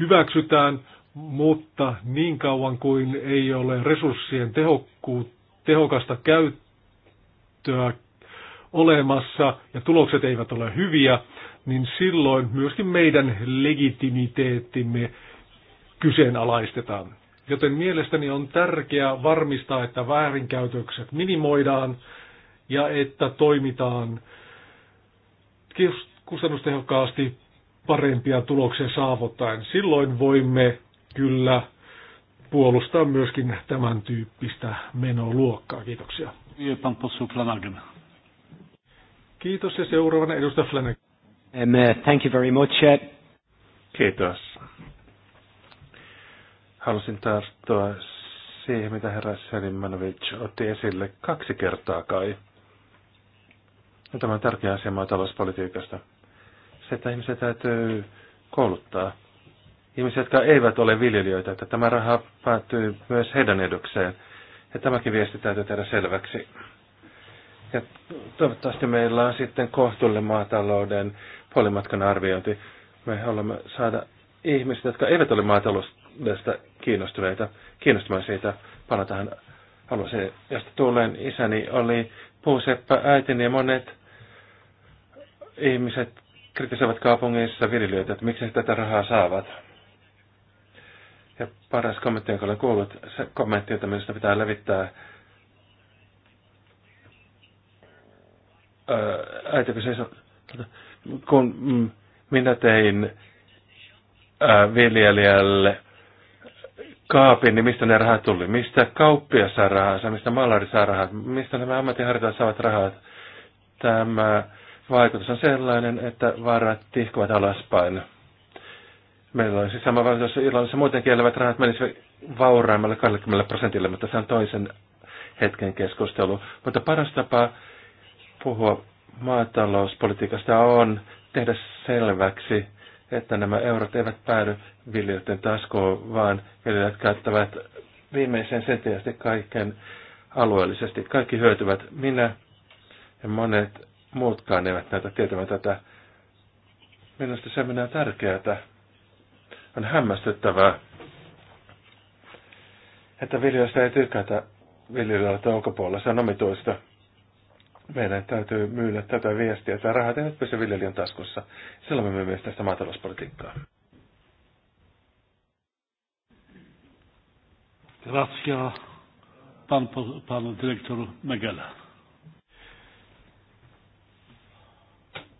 hyväksytään, mutta niin kauan kuin ei ole resurssien tehokkuut, tehokasta käyttöä olemassa ja tulokset eivät ole hyviä, niin silloin myöskin meidän legitimiteettimme kyseenalaistetaan. Joten mielestäni on tärkeää varmistaa, että väärinkäytökset minimoidaan ja että toimitaan kustannustehokkaasti parempia tuloksia saavuttaen. Silloin voimme kyllä puolustaa myöskin tämän tyyppistä menoluokkaa. Kiitoksia. Kiitos ja seuraavana edustaja Flanagan. Um, uh, thank you very much. Uh, Kiitos halusin tarttua siihen, mitä herra Selimanovic otti esille kaksi kertaa kai. Ja tämä on tärkeä asia maatalouspolitiikasta. Se, että ihmisiä täytyy kouluttaa. Ihmisiä, jotka eivät ole viljelijöitä, että tämä raha päätyy myös heidän edukseen. Ja tämäkin viesti täytyy tehdä selväksi. Ja toivottavasti meillä on sitten kohtuullinen maatalouden puolimatkan arviointi. Me haluamme saada ihmiset, jotka eivät ole maatalous tästä kiinnostuneita, kiinnostumaan siitä. Palaan tähän haluaisin, josta tulleen isäni oli puuseppä, äitini ja monet ihmiset kritisoivat kaupungeissa viljelijöitä, että miksi he tätä rahaa saavat. Ja paras kommentti, jonka olen kuullut, se kommentti, jota minusta pitää levittää, äiti kysyi, kun tuota, mm, minä tein viljelijälle kaapin, niin mistä ne rahat tuli? Mistä kauppia saa rahansa? Mistä maalari saa rahat? Mistä nämä ammattiharjoittajat saavat rahat? Tämä vaikutus on sellainen, että varat tihkuvat alaspäin. Meillä on siis sama vaikutus, Irlannissa muutenkin elävät rahat menisivät vauraimmalle 20 prosentille, mutta se on toisen hetken keskustelu. Mutta paras tapa puhua maatalouspolitiikasta on tehdä selväksi, että nämä eurot eivät päädy viljelijöiden taskoon, vaan viljelijät käyttävät viimeisen sentin asti kaiken alueellisesti. Kaikki hyötyvät. Minä ja monet muutkaan eivät näitä tietävän tätä. Minusta se on tärkeää. On hämmästyttävää, että viljelijöistä ei tykätä viljelijöiden ulkopuolella. Se on omituista meidän täytyy myydä tätä viestiä, että rahat eivät pysy viljelijän taskussa. Silloin me myymme tästä maatalouspolitiikkaa. Gracias, pan, pan direktor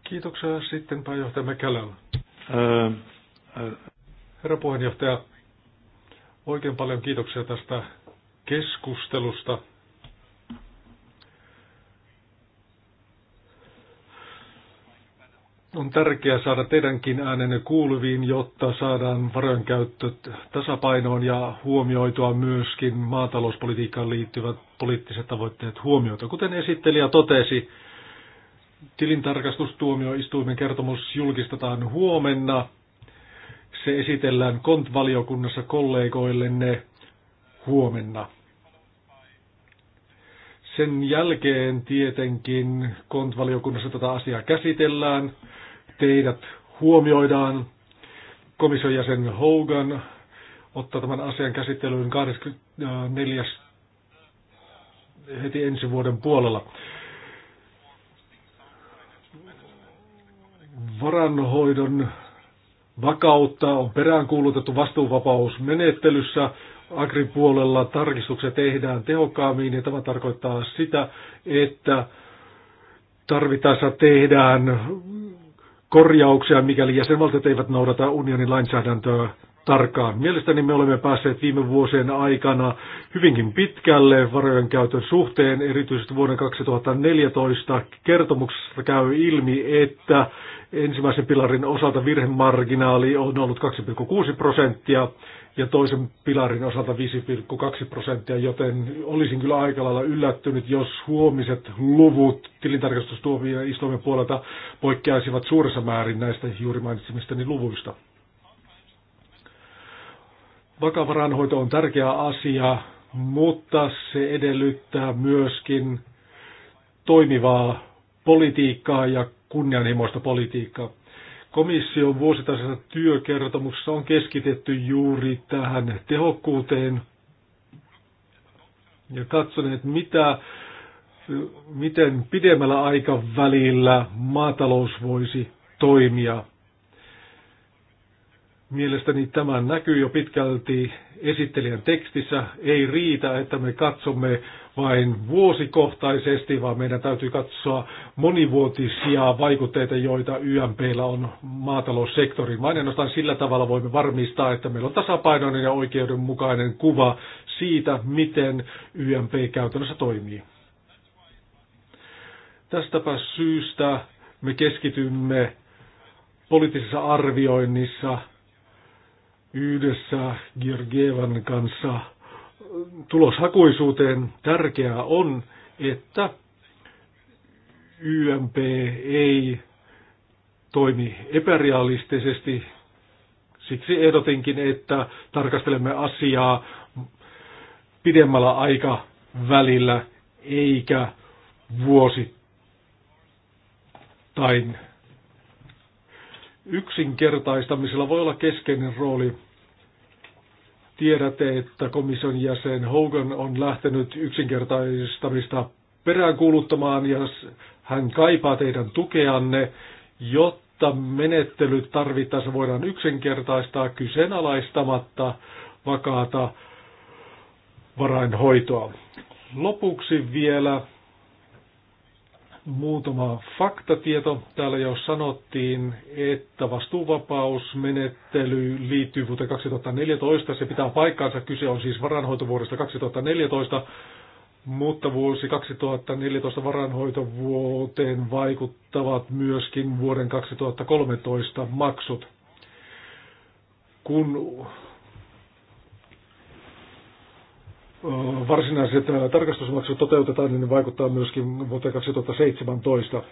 Kiitoksia sitten pääjohtaja Mekelällä. Herra puheenjohtaja, oikein paljon kiitoksia tästä keskustelusta. on tärkeää saada teidänkin äänenne kuuluviin, jotta saadaan varojen käyttö tasapainoon ja huomioitua myöskin maatalouspolitiikkaan liittyvät poliittiset tavoitteet huomioita. Kuten esittelijä totesi, tilintarkastustuomioistuimen kertomus julkistetaan huomenna. Se esitellään kontvaliokunnassa kollegoillenne huomenna. Sen jälkeen tietenkin kontvaliokunnassa tätä asiaa käsitellään, teidät huomioidaan. Komission jäsen Hogan ottaa tämän asian käsittelyyn 24. heti ensi vuoden puolella. Varanhoidon vakautta on peräänkuulutettu vastuuvapausmenettelyssä agripuolella tarkistukset tehdään tehokkaammin ja tämä tarkoittaa sitä, että tarvittaessa tehdään korjauksia, mikäli jäsenvaltiot eivät noudata unionin lainsäädäntöä tarkkaan. Mielestäni me olemme päässeet viime vuosien aikana hyvinkin pitkälle varojen käytön suhteen, erityisesti vuoden 2014 kertomuksesta käy ilmi, että ensimmäisen pilarin osalta virhemarginaali on ollut 2,6 prosenttia ja toisen pilarin osalta 5,2 prosenttia, joten olisin kyllä aika lailla yllättynyt, jos huomiset luvut tilintarkastustuomien istuimen puolelta poikkeaisivat suuressa määrin näistä juuri mainitsemistani luvuista. Vakavaranhoito on tärkeä asia, mutta se edellyttää myöskin toimivaa politiikkaa ja kunnianhimoista politiikkaa. Komission vuosittaisessa työkertomuksessa on keskitetty juuri tähän tehokkuuteen ja katsoneet, mitä, miten pidemmällä aikavälillä maatalous voisi toimia. Mielestäni tämä näkyy jo pitkälti esittelijän tekstissä. Ei riitä, että me katsomme vain vuosikohtaisesti, vaan meidän täytyy katsoa monivuotisia vaikutteita, joita YMPllä on maataloussektoriin. Vain ainoastaan sillä tavalla voimme varmistaa, että meillä on tasapainoinen ja oikeudenmukainen kuva siitä, miten YMP käytännössä toimii. Tästäpä syystä me keskitymme poliittisessa arvioinnissa yhdessä Georgievan kanssa – tuloshakuisuuteen tärkeää on, että YMP ei toimi epärealistisesti. Siksi ehdotinkin, että tarkastelemme asiaa pidemmällä aikavälillä eikä vuosittain. Yksinkertaistamisella voi olla keskeinen rooli Tiedätte, että komission jäsen Hogan on lähtenyt yksinkertaistamista peräänkuuluttamaan ja hän kaipaa teidän tukeanne, jotta menettelyt tarvittaessa voidaan yksinkertaistaa kyseenalaistamatta vakaata varainhoitoa. Lopuksi vielä Muutama faktatieto. Täällä jo sanottiin, että vastuuvapausmenettely liittyy vuoteen 2014. Se pitää paikkaansa. Kyse on siis varanhoitovuodesta 2014, mutta vuosi 2014 varanhoitovuoteen vaikuttavat myöskin vuoden 2013 maksut. Kun varsinaiset tarkastusmaksut toteutetaan, niin ne vaikuttaa myöskin vuoteen 2017.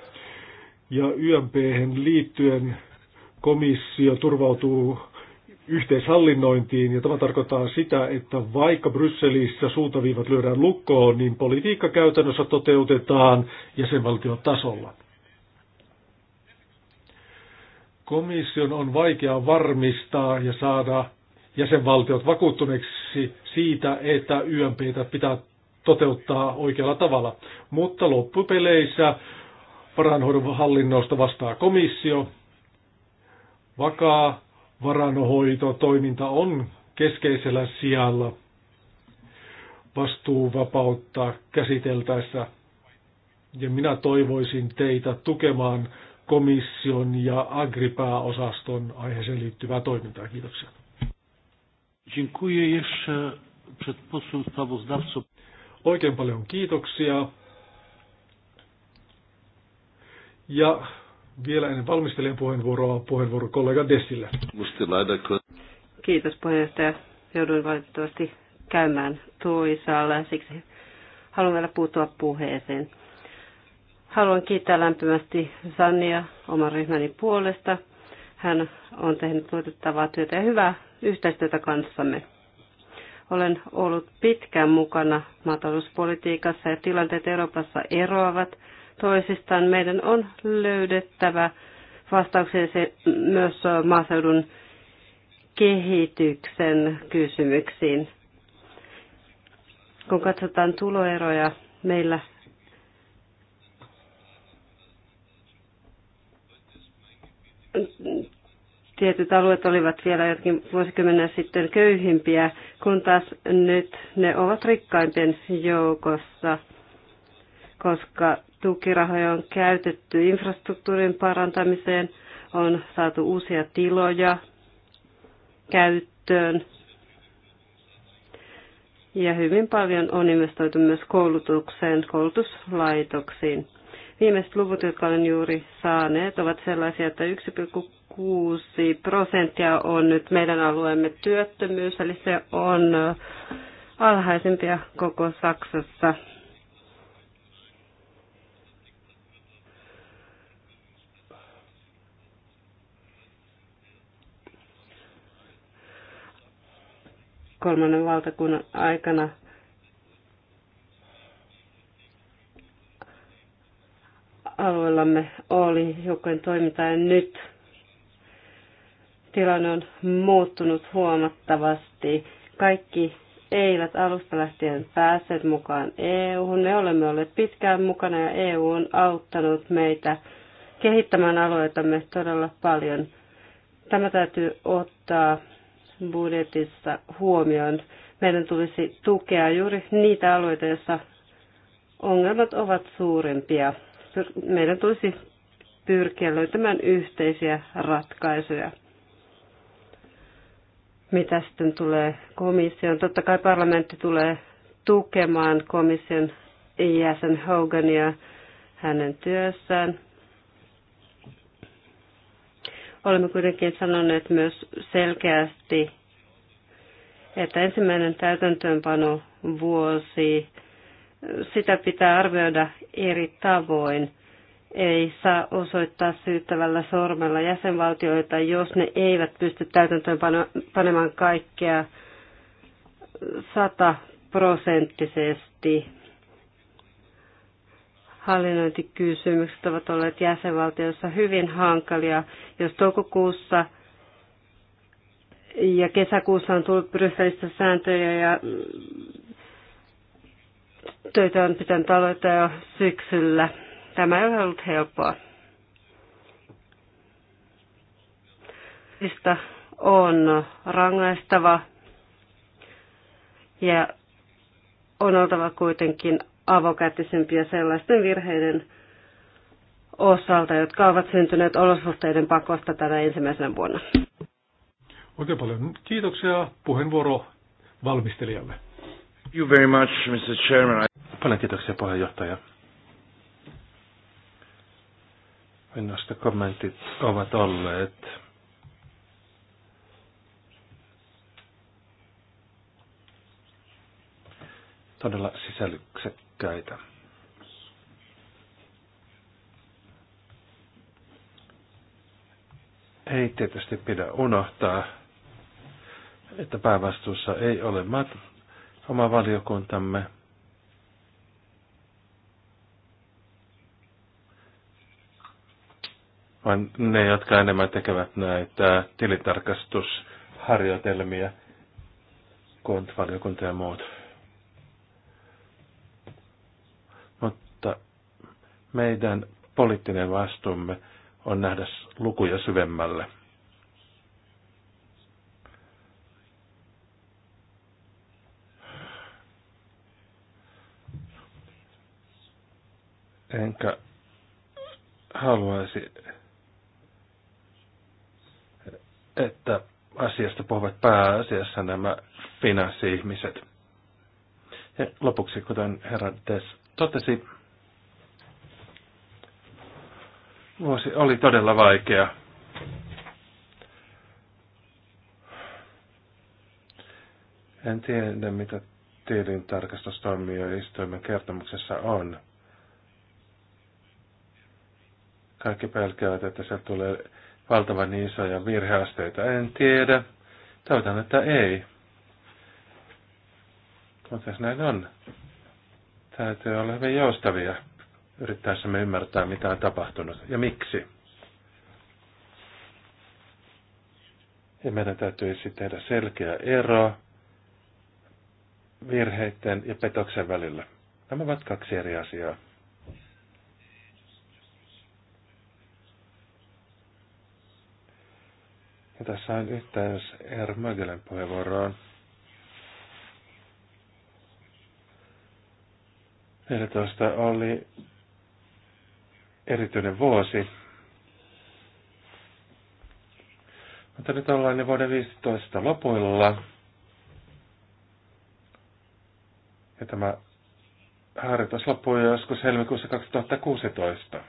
Ja YMP liittyen komissio turvautuu yhteishallinnointiin, ja tämä tarkoittaa sitä, että vaikka Brysselissä suuntaviivat lyödään lukkoon, niin politiikka käytännössä toteutetaan jäsenvaltiotasolla. Komission on vaikea varmistaa ja saada jäsenvaltiot vakuuttuneeksi siitä, että YMPtä pitää toteuttaa oikealla tavalla. Mutta loppupeleissä varanhoidon hallinnosta vastaa komissio. Vakaa toiminta on keskeisellä sijalla vastuuvapautta käsiteltäessä. Ja minä toivoisin teitä tukemaan komission ja agripääosaston aiheeseen liittyvää toimintaa. Kiitoksia. Dziękuję jeszcze przed posłem sprawozdawcą. Oikein paljon kiitoksia. Ja vielä ennen valmistelijan puheenvuoroa puheenvuoro kollega Dessille. Kiitos puheenjohtaja. Jouduin valitettavasti käymään toisaalla ja siksi haluan vielä puuttua puheeseen. Haluan kiittää lämpimästi Sannia oman ryhmäni puolesta. Hän on tehnyt luotettavaa työtä ja hyvää yhteistyötä kanssamme. Olen ollut pitkään mukana maatalouspolitiikassa ja tilanteet Euroopassa eroavat toisistaan. Meidän on löydettävä vastauksia myös maaseudun kehityksen kysymyksiin. Kun katsotaan tuloeroja, meillä tietyt alueet olivat vielä jotkin vuosikymmenen sitten köyhimpiä, kun taas nyt ne ovat rikkaimpien joukossa, koska tukirahoja on käytetty infrastruktuurin parantamiseen, on saatu uusia tiloja käyttöön ja hyvin paljon on investoitu myös koulutukseen, koulutuslaitoksiin. Viimeiset luvut, jotka olen juuri saaneet, ovat sellaisia, että 1,6 prosenttia on nyt meidän alueemme työttömyys, eli se on äh, alhaisimpia koko Saksassa. kolmannen valtakunnan aikana avullamme oli joukkojen toiminta ja nyt tilanne on muuttunut huomattavasti. Kaikki eivät alusta lähtien päässeet mukaan EU-hun. Me olemme olleet pitkään mukana ja EU on auttanut meitä kehittämään alueitamme todella paljon. Tämä täytyy ottaa budjetissa huomioon. Meidän tulisi tukea juuri niitä alueita, joissa ongelmat ovat suurempia meidän tulisi pyrkiä löytämään yhteisiä ratkaisuja. Mitä sitten tulee komission? Totta kai parlamentti tulee tukemaan komission jäsen Hogania hänen työssään. Olemme kuitenkin sanoneet myös selkeästi, että ensimmäinen täytäntöönpano vuosi sitä pitää arvioida eri tavoin. Ei saa osoittaa syyttävällä sormella jäsenvaltioita, jos ne eivät pysty täytäntöön panemaan kaikkea sataprosenttisesti. Hallinnointikysymykset ovat olleet jäsenvaltioissa hyvin hankalia. Jos toukokuussa ja kesäkuussa on tullut Brysselistä sääntöjä ja töitä on pitänyt aloittaa jo syksyllä. Tämä ei ole ollut helppoa. Sista on rangaistava ja on oltava kuitenkin avokätisempiä sellaisten virheiden osalta, jotka ovat syntyneet olosuhteiden pakosta tänä ensimmäisenä vuonna. Oikein paljon kiitoksia puheenvuoro valmistelijalle. You very much, Mr. Chairman. Paljon kiitoksia puheenjohtaja. Minusta kommentit ovat olleet todella sisällyksekkäitä. Ei tietysti pidä unohtaa, että päävastuussa ei ole mat- oma valiokuntamme – vaan ne, jotka enemmän tekevät näitä tilintarkastusharjoitelmia kontvaliokunta ja muut. Mutta meidän poliittinen vastuumme on nähdä lukuja syvemmälle. Enkä haluaisi että asiasta puhuvat pääasiassa nämä finanssi-ihmiset. Ja lopuksi, kuten herra Des totesi, vuosi oli todella vaikea. En tiedä, mitä tilintarkastustoimijoistuimen kertomuksessa on. Kaikki pelkäävät, että se tulee valtavan isoja virheasteita? En tiedä. Toivotan, että ei. Mutta näin on, täytyy olla hyvin joustavia yrittäessämme ymmärtää, mitä on tapahtunut ja miksi. Ja meidän täytyisi siis tehdä selkeä ero virheiden ja petoksen välillä. Nämä ovat kaksi eri asiaa. Ja tässä on yhteys Eero Mögelen puheenvuoroon. Neljätoista oli erityinen vuosi. Mutta nyt ollaan ne vuoden 15 lopuilla. Ja tämä harjoitus loppui joskus helmikuussa 2016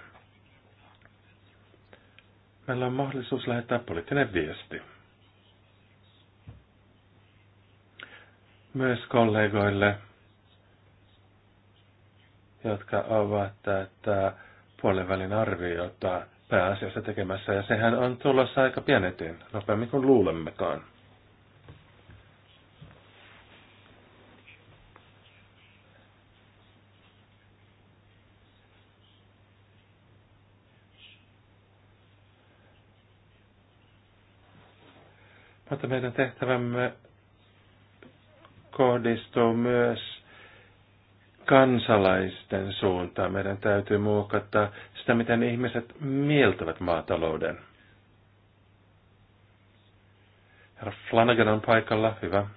meillä on mahdollisuus lähettää poliittinen viesti. Myös kollegoille, jotka ovat tätä puolenvälin arviota pääasiassa tekemässä, ja sehän on tulossa aika pienetin, nopeammin kuin luulemmekaan. että meidän tehtävämme kohdistuu myös kansalaisten suuntaan. Meidän täytyy muokata sitä, miten ihmiset mieltävät maatalouden. Herra Flanagan on paikalla, hyvä.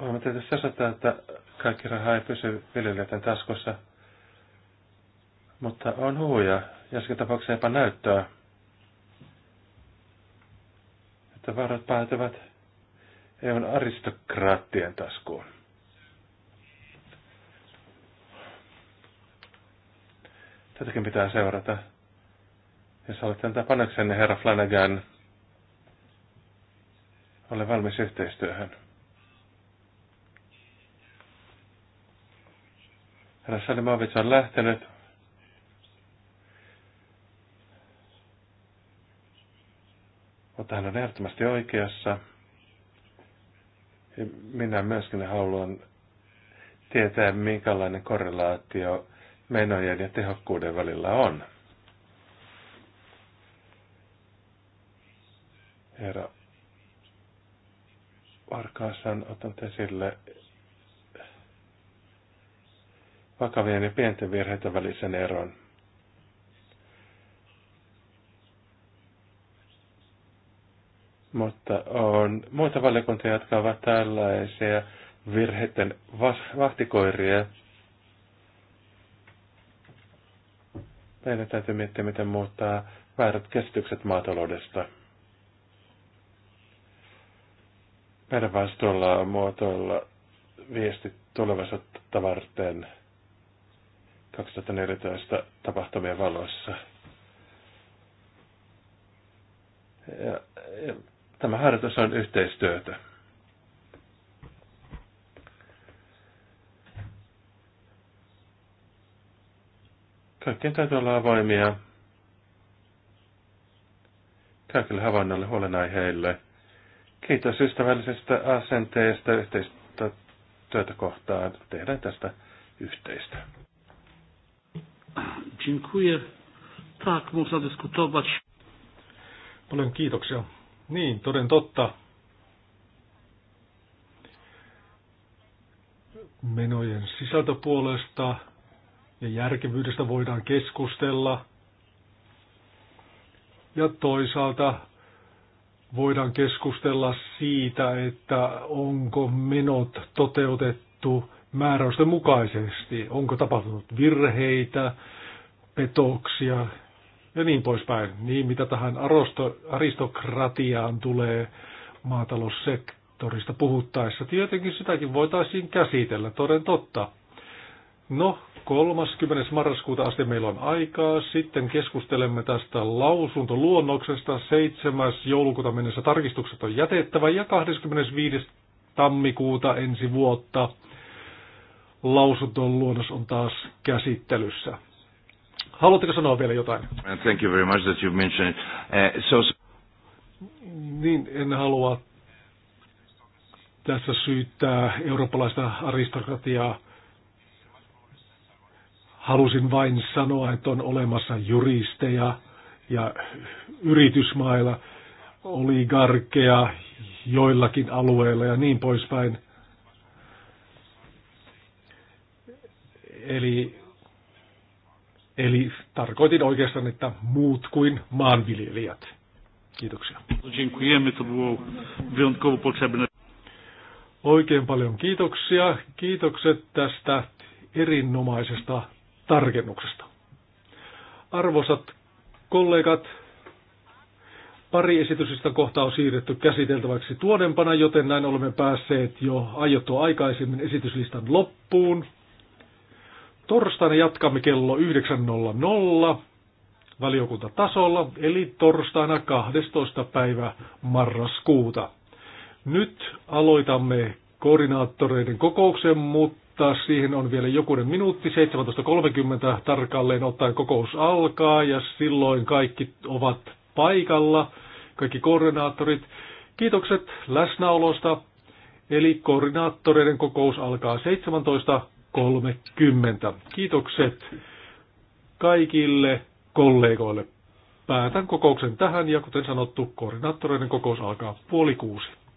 Huomataan tässä sanotaan, että kaikki raha ei pysy viljelijöiden taskussa. Mutta on huhuja, joskin tapauksessa jopa näyttöä, että varat päätyvät EUn aristokraattien taskuun. Tätäkin pitää seurata. Jos olette antaa panoksenne, niin herra Flanagan, ole valmis yhteistyöhön. Herra Salimovic on lähtenyt, että hän on ehdottomasti oikeassa. Ja minä myöskin haluan tietää, minkälainen korrelaatio menojen ja tehokkuuden välillä on. Herra varkaasan otan esille vakavien ja pienten virheiden välisen eron. Mutta on muita valiokuntia, jotka ovat tällaisia virheiden vahtikoiria. Meidän täytyy miettiä, miten muuttaa väärät käsitykset maataloudesta. Meidän vastuulla on muotoilla viesti tulevaisuutta varten 2014 tapahtumien valossa. Ja, ja Tämä harjoitus on yhteistyötä. Kaikkien täytyy olla avoimia kaikille havainnoille huolenaiheille. Kiitos ystävällisestä asenteesta yhteistä työtä kohtaan. Tehdään tästä yhteistä. Dziękuję. Tak, można dyskutować. Paljon kiitoksia. Niin, toden totta. Menojen sisältöpuolesta ja järkevyydestä voidaan keskustella. Ja toisaalta voidaan keskustella siitä, että onko menot toteutettu määräysten mukaisesti, onko tapahtunut virheitä, petoksia ja niin poispäin. Niin mitä tähän aristokratiaan tulee maataloussektorista puhuttaessa, tietenkin sitäkin voitaisiin käsitellä, toden totta. No, 30. marraskuuta asti meillä on aikaa. Sitten keskustelemme tästä lausuntoluonnoksesta. 7. joulukuuta mennessä tarkistukset on jätettävä ja 25. tammikuuta ensi vuotta lausuntoluonnos on taas käsittelyssä. Haluatteko sanoa vielä jotain? Thank you very much that you mentioned it. Uh, so... Niin, en halua tässä syyttää eurooppalaista aristokratiaa. Halusin vain sanoa, että on olemassa juristeja ja yritysmailla, oligarkkeja joillakin alueilla ja niin poispäin. Eli Eli tarkoitin oikeastaan, että muut kuin maanviljelijät. Kiitoksia. Oikein paljon kiitoksia. Kiitokset tästä erinomaisesta tarkennuksesta. Arvoisat kollegat, pari esitysistä kohtaa on siirretty käsiteltäväksi tuodempana, joten näin olemme päässeet jo aiottua aikaisemmin esityslistan loppuun. Torstaina jatkamme kello 9.00 valiokuntatasolla, eli torstaina 12. päivä marraskuuta. Nyt aloitamme koordinaattoreiden kokouksen, mutta siihen on vielä jokunen minuutti, 17.30 tarkalleen ottaen kokous alkaa ja silloin kaikki ovat paikalla, kaikki koordinaattorit. Kiitokset läsnäolosta, eli koordinaattoreiden kokous alkaa 17. 30. Kiitokset kaikille kollegoille. Päätän kokouksen tähän ja kuten sanottu, koordinaattoreiden kokous alkaa puoli kuusi.